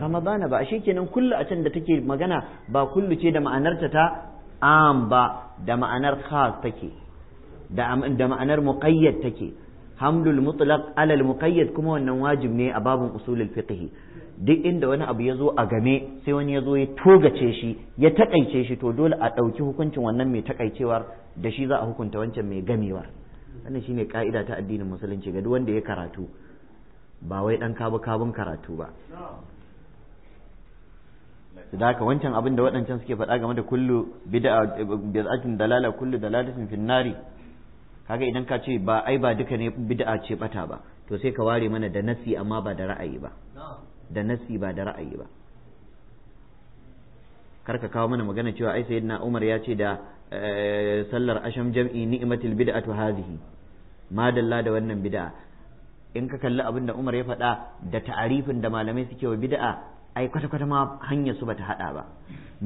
[SPEAKER 1] ramadana ba ashe kenan kullu a can da take magana ba kullu ce da ma'anarta ta am ba da ma'anar khas take da ma'anar muqayyad take hamdul mutlaq alal muqayyad kuma wannan wajib ne a babun usulul fiqh duk inda wani abu ya zo a game sai wani ya zo ya togace shi ya takaice shi to dole a ɗauki hukuncin wannan mai takaicewar da shi za a hukunta wancan mai gamewar wannan shine ka'ida ta addinin musulunci ga duk wanda ya karatu ba wai dan kabu kabun karatu ba da haka wancan abin da waɗancan suke faɗa game da kullu bid'atin dalala kullu dalalatin fin nari kaga idan ka ce ba ai ba duka ne bid'a ce bata ba to sai ka ware mana da nasi amma ba da ra'ayi ba da nasi ba da ra'ayi ba karka kawo mana magana cewa ai sayyidina Umar ya ce da eh, sallar asham jam'i ni'matul bid'atu hadhihi madalla da wannan bid'a in ka kalli abin da Umar ya faɗa da ta'arifin da malamai suke wa bid'a ai kwata kwata ma hanyar su bata hada ba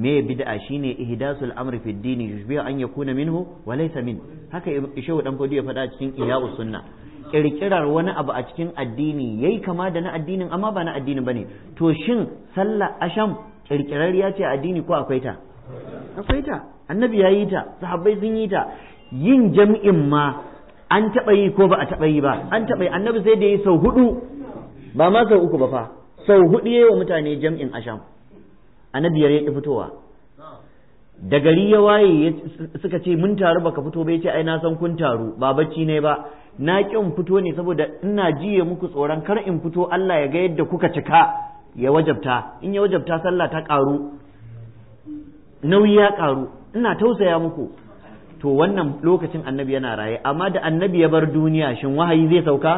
[SPEAKER 1] me bid'a shine ihdasul amri fi dini yushbihu an yakuna minhu wa laysa min haka ishewu dan fodi ya faɗa cikin iyau sunna kirkirar wani abu a cikin addini yayi kama da na addinin amma ba na addinin bane to shin sallar asham Kirkirar ya ce addini ko akwai ta akwai ta annabi ya yi ta sahabbai sun yi ta yin jam'in ma an taɓa yi ko ba a taɓa yi ba an taɓa yi annabi sai da yi sau hudu ba ma sau uku ba fa sau hudu yayi wa mutane jam'in asham annabi ya ƙi fitowa da gari ya waye suka ce mun taru baka fito bai ce ai na san kun taru ba bacci ne ba na ƙin fito ne saboda ina jiye muku tsoron kar in fito Allah ya ga yadda kuka cika ya wajabta in ya wajabta sallah ta ƙaru nauyi ya ƙaru ina tausaya muku to wannan lokacin annabi yana raye amma da annabi ya bar duniya shin wahayi zai sauka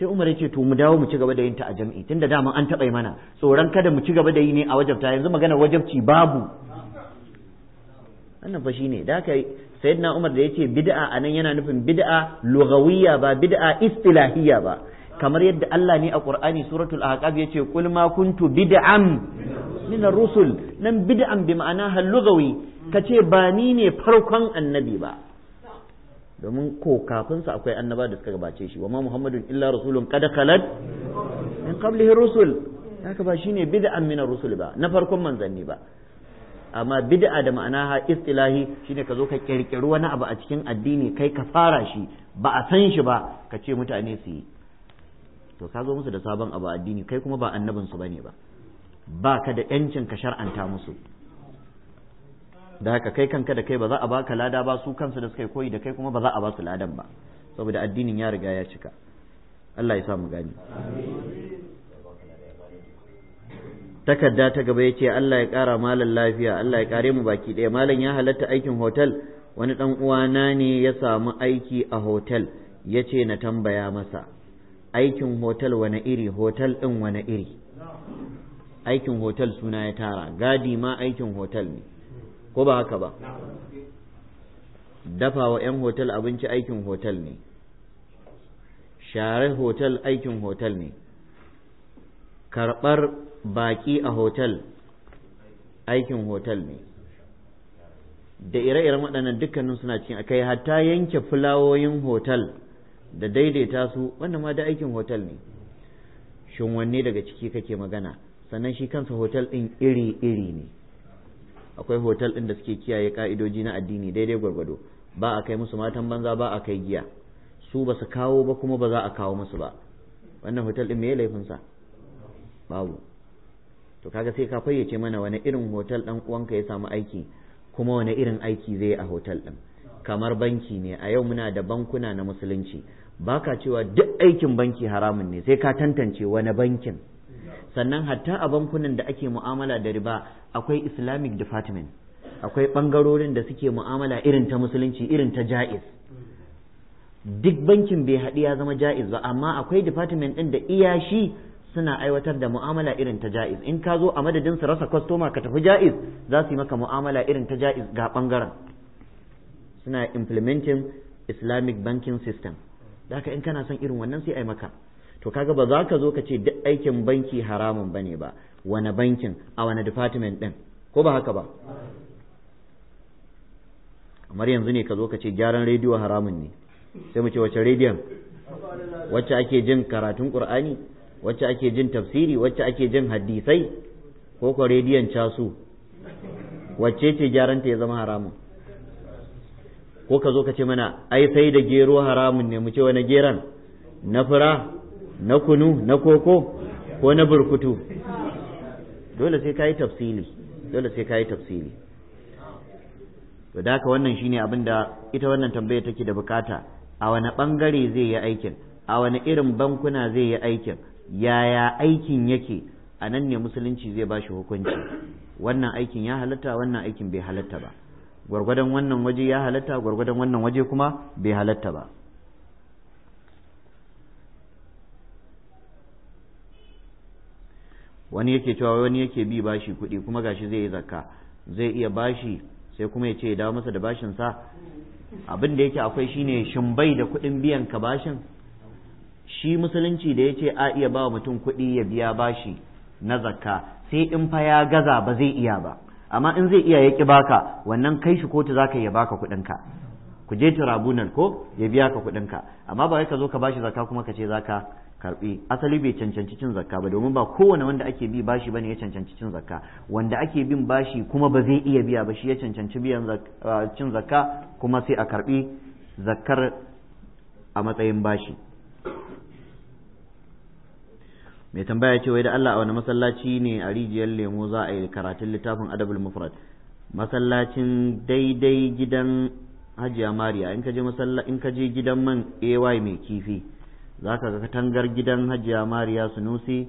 [SPEAKER 1] sai umar ya to mu dawo mu ci gaba da yin ta a jam'i tunda dama an taɓa mana tsoron kada mu ci gaba da yi ne a wajabta yanzu magana wajabci babu wannan fa shine da haka sayyidina umar da yace bid'a anan yana nufin bid'a lugawiyya ba bid'a istilahiyya ba kamar yadda Allah ne a Qur'ani suratul ahqaf yace qul ma kuntu bid'an min ar-rusul nan bid'an bi ma'ana halughawi kace ba ni ne farkon annabi ba domin ko kafin sa akwai annaba da suka gabace shi wa ma muhammadun illa rasulun qad khalat min qablihi rusul haka ba shine bid'an min ar-rusul ba na farkon manzanni ba amma bid'a da ma'ana ha istilahi shine ka zo ka kirkiri wani abu a cikin addini kai ka fara shi ba a san shi ba ka ce mutane su yi to ka zo musu da sabon abu addini kai kuma ba annabinsu su bane ba ba ka da yancin ka shar'anta musu da haka kai kanka da kai ba za a baka lada ba su kansu da suka yi koyi da kai kuma ba za a ba su ladan ba saboda addinin ya riga ya cika Allah ya sa mu gani takarda ta gaba ya ce Allah ya ƙara malan lafiya Allah ya kare mu baki ɗaya malan ya halatta aikin hotel wani ɗan uwana ne ya samu aiki a hotel ya ce na tambaya masa aikin hotel wani iri hotel ɗin wani iri aikin hotel suna ya tara gadi ma aikin hotel ne ko ba haka ba dafa wa 'yan hotel abinci aikin hotel ne share hotel aikin hotel ne karɓar baƙi a hotel aikin hotel ne da ire-iren waɗannan dukkanin suna cikin akai hatta yanke fulawoyin hotel da daidaita su wannan ma da aikin hotel ne shin wanne daga ciki kake magana sannan shi kansa hotel ɗin iri-iri ne akwai hotel ɗin da suke kiyaye ka'idoji na addini daidai gwargwado ba a kai musu matan banza ba a kai giya su ba su kawo ba kuma ba za a kawo musu ba wannan hotel ɗin me laifinsa babu to kaga sai ka fayyace mana wani irin hotel ɗan uwanka ya samu aiki kuma wani irin aiki zai yi a hotel ɗin kamar banki ne a yau muna da bankuna na musulunci baka cewa duk aikin banki haramun ne sai ka tantance wani bankin sannan hatta a bankunan da ake mu'amala da riba akwai islamic department akwai ɓangarorin da suke mu'amala irin ta musulunci irin ta ja'iz duk bankin bai haɗu ya zama ja'iz ba amma akwai department ɗin da iya shi suna aiwatar da mu'amala irin ta ja'iz in ka zo a madadin su rasa kwastoma ka tafi ja'iz za su yi maka mu'amala irin ta ja'iz ga bangaren suna implementing islamic banking system da in kana son irin wannan sai ai maka to kaga ba za ka zo ka ce duk aikin banki haramun bane ba wane bankin a wane department din ko ba haka ba kamar yanzu ne ka zo ka ce gyaran rediyo haramun ne sai mu ce wace rediyon
[SPEAKER 2] wacce ake jin
[SPEAKER 1] karatun qur'ani wacce ake jin tafsiri wacce ake jin hadisai ko ko rediyon casu wacce ce gyaran ta ya zama haramun ko ka zo ka ce mana ai sai da gero haramun ne mu ce wani geran na fura na kunu na koko ko na burkutu dole sai ka yi tafsili dole sai ka yi tafsili to da haka wannan shine abin da ita wannan tambaya take da bukata a wani bangare zai yi aikin a wani irin bankuna zai yi aikin yaya aikin yake a nan ne musulunci zai ba shi hukunci wannan aikin ya halatta wannan aikin bai halatta ba gwargwadon wannan waje ya halatta gwargwadon wannan waje kuma bai halatta ba wani yake cewa wani yake bi bashi kuɗi kuma gashi zai yi zakka zai iya bashi sai kuma ya ce ya dawo masa da bashin sa abin da yake akwai shine shin bai da kuɗin biyan ka bashin shi musulunci da ya ce a iya ba mutum kuɗi ya biya bashi na zakka sai in fa ya gaza ba zai iya ba amma in zai iya ya ki baka wannan kai shi kotu za zaka iya baka kuɗinka ku je turabunan ko ya biya ka kuɗinka amma ba ka zo ka bashi zakka kuma ka ce za ka karbi asali bai cancanci cin zakka ba domin ba kowane wanda ake bi bashi bane ya cancanci cin zakka wanda ake bin bashi kuma ba zai iya biya ba shi ya cancanci biyan ah, cin zakka kuma sai a karɓi zakkar a matsayin bashi mai tambaya ce wai da Allah a wani masallaci ne a rijiyar lemo za a yi karatun littafin adabul mufrad masallacin daidai gidan hajiya mariya in ka je in ka je gidan man ay mai kifi zaka ga katangar gidan hajiya mariya sunusi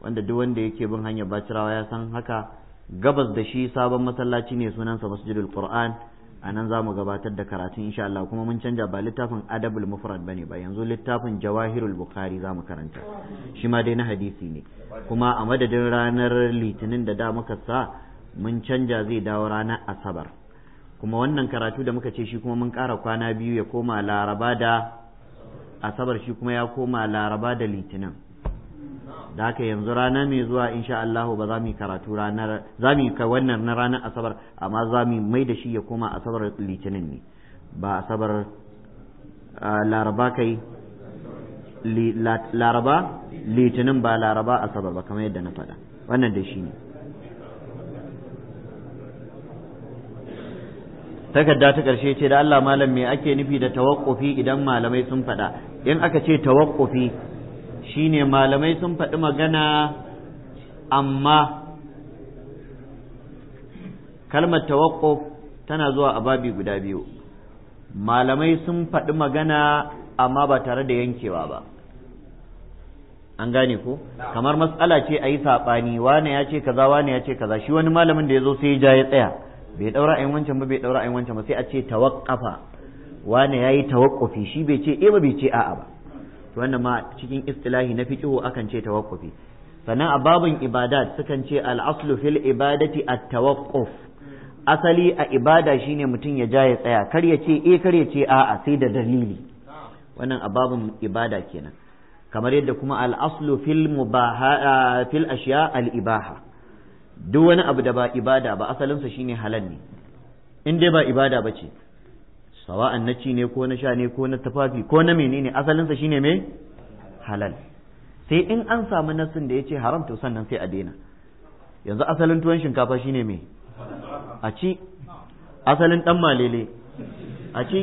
[SPEAKER 1] wanda duk wanda yake bin hanyar bacirawa ya san haka gabas da shi sabon masallaci ne sunansa masjidul qur'an a nan za mu gabatar da karatun insha Allah kuma mun canja ba littafin adabul mufrad bane ba yanzu littafin jawahirul bukhari za mu karanta shi ma dai na hadisi ne kuma a madadin ranar litinin da da muka sa mun canja zai dawo ranar asabar kuma wannan karatu da muka ce shi kuma mun ƙara kwana biyu ya koma laraba da asabar shi kuma ya koma laraba da litinin da haka yanzu rana mai zuwa insha Allah ba za mu karatu ranar za mu ka wannan na ranar asabar amma za mu mai da shi ya koma asabar litinin ne ba asabar laraba kai laraba litinin ba laraba asabar ba kamar yadda na faɗa wannan da shi ne takarda ta ƙarshe ce da Allah malam me ake nufi da tawakkufi idan malamai sun faɗa in aka ce tawakkufi Shi ne malamai sun faɗi magana amma kalmar tawakko tana zuwa a babi guda biyu malamai sun faɗi magana amma ba tare da yankewa ba an gane ko kamar matsala ce a yi saɓani wane ya ce kaza wane ya ce kaza shi wani malamin da ya zo sai ya ja ya tsaya bai ɗaura ayin wancan ba bai ɗaura ayin wancan ba sai a ce tawakkafa wane ya yi tawakkufi shi bai ce e ba bai ce a'a ba to wannan ma cikin istilahi na fiqhu akan ce tawakkufi sannan a babin ibadat sukan ce al-aslu fil ibadati at tawakkuf asali a ibada shine mutum ya ja ya tsaya kar ya ce eh kar ya ce a'a sai da dalili wannan a babin ibada kenan kamar yadda kuma al-aslu fil mubaha fil ashiya al-ibaha duk wani abu da ba ibada ba asalinsa shine halal ne in dai ba ibada bace. sawa'an na ci ne ko na sha ne ko na tafafi ko na menene asalinsa shine me halal sai in an samu nassin da ya ce haram to sannan sai a daina yanzu asalin tuwon shinkafa shine me a ci asalin dan malele a ci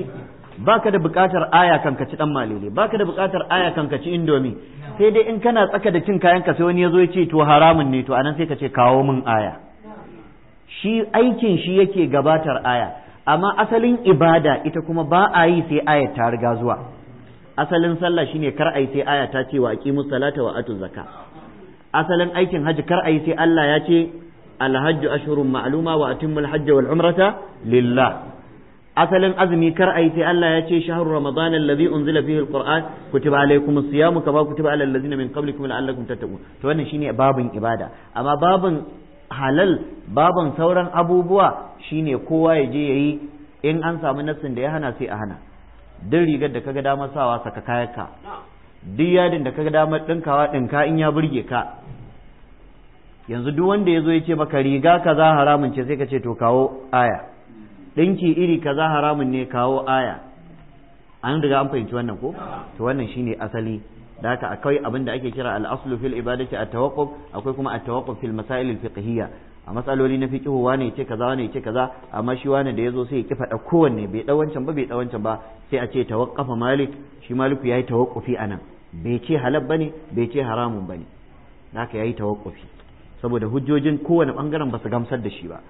[SPEAKER 1] baka da bukatar aya kan ka ci dan malele baka da buƙatar aya kan ka ci indomi sai dai in kana tsaka da cin kayan ka sai wani yazo ya ce to haramun ne to anan sai ka ce kawo min aya shi aikin shi yake gabatar aya amma asalin ibada ita kuma ba a yi sai aya ta riga zuwa asalin sallah shine kar a yi sai aya ta ce wa aqimus salata wa atuz zaka asalin aikin hajji kar a yi sai Allah ya ce alhajju ashhurun ma'luma wa atimmul hajja wal umrata lillah asalin azumi kar a yi sai Allah ya ce shahru ramadan alladhi unzila fihi alquran kutiba alaykumus siyamu kama kutiba alal ladzina min qablikum la'allakum tattaqun to wannan shine babin ibada amma babin halal baban sauran abubuwa shine kowa ya je yayi in an samu nassin da ya hana sai a hana duk rigar da kaga damar sawa saka kayanka duk yadin da kaga damar dinkawa dinka in ya burge ka yanzu duk wanda ya zo ya ce maka riga kaza haramun ce sai ka ce to kawo aya dinki iri kaza haramun ne kawo aya an riga an fahimci wannan ko to wannan shine asali da haka akwai abin da ake kira al-aslu fil ibadati at-tawaqquf akwai kuma at-tawaqquf fil masail al-fiqhiyya a matsaloli na fiqhu wane ce kaza wane ce kaza amma shi wane da yazo sai ya kifa da kowanne bai da wancan ba bai da wancan ba sai a ce tawaqqafa malik shi maliku yayi tawaqqufi anan bai ce halal bane bai ce haramun bane da haka yayi tawaqqufi saboda hujjojin kowane bangaren ba su gamsar da shi ba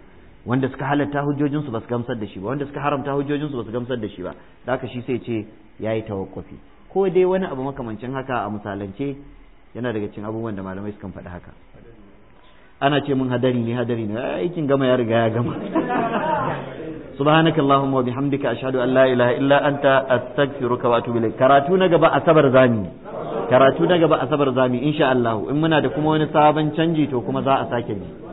[SPEAKER 1] wanda suka halatta hujjojinsu ba su gamsar da shi ba wanda suka haramta hujjojinsu ba su gamsar da shi ba da haka shi sai ce yayi tawaqqufi ko dai wani abu makamancin haka a misalance yana daga cikin abubuwan da malamai sukan faɗi haka ana ce mun hadari ne hadari ne aikin gama ya riga ya gama <laughs> subhanakallahumma wa bihamdika ashhadu an la ilaha illa anta astaghfiruka wa atubu ilaik karatu na gaba asabar zami karatu na gaba asabar zami insha Allah in muna da kuma wani sabon canji to kuma za a sake ji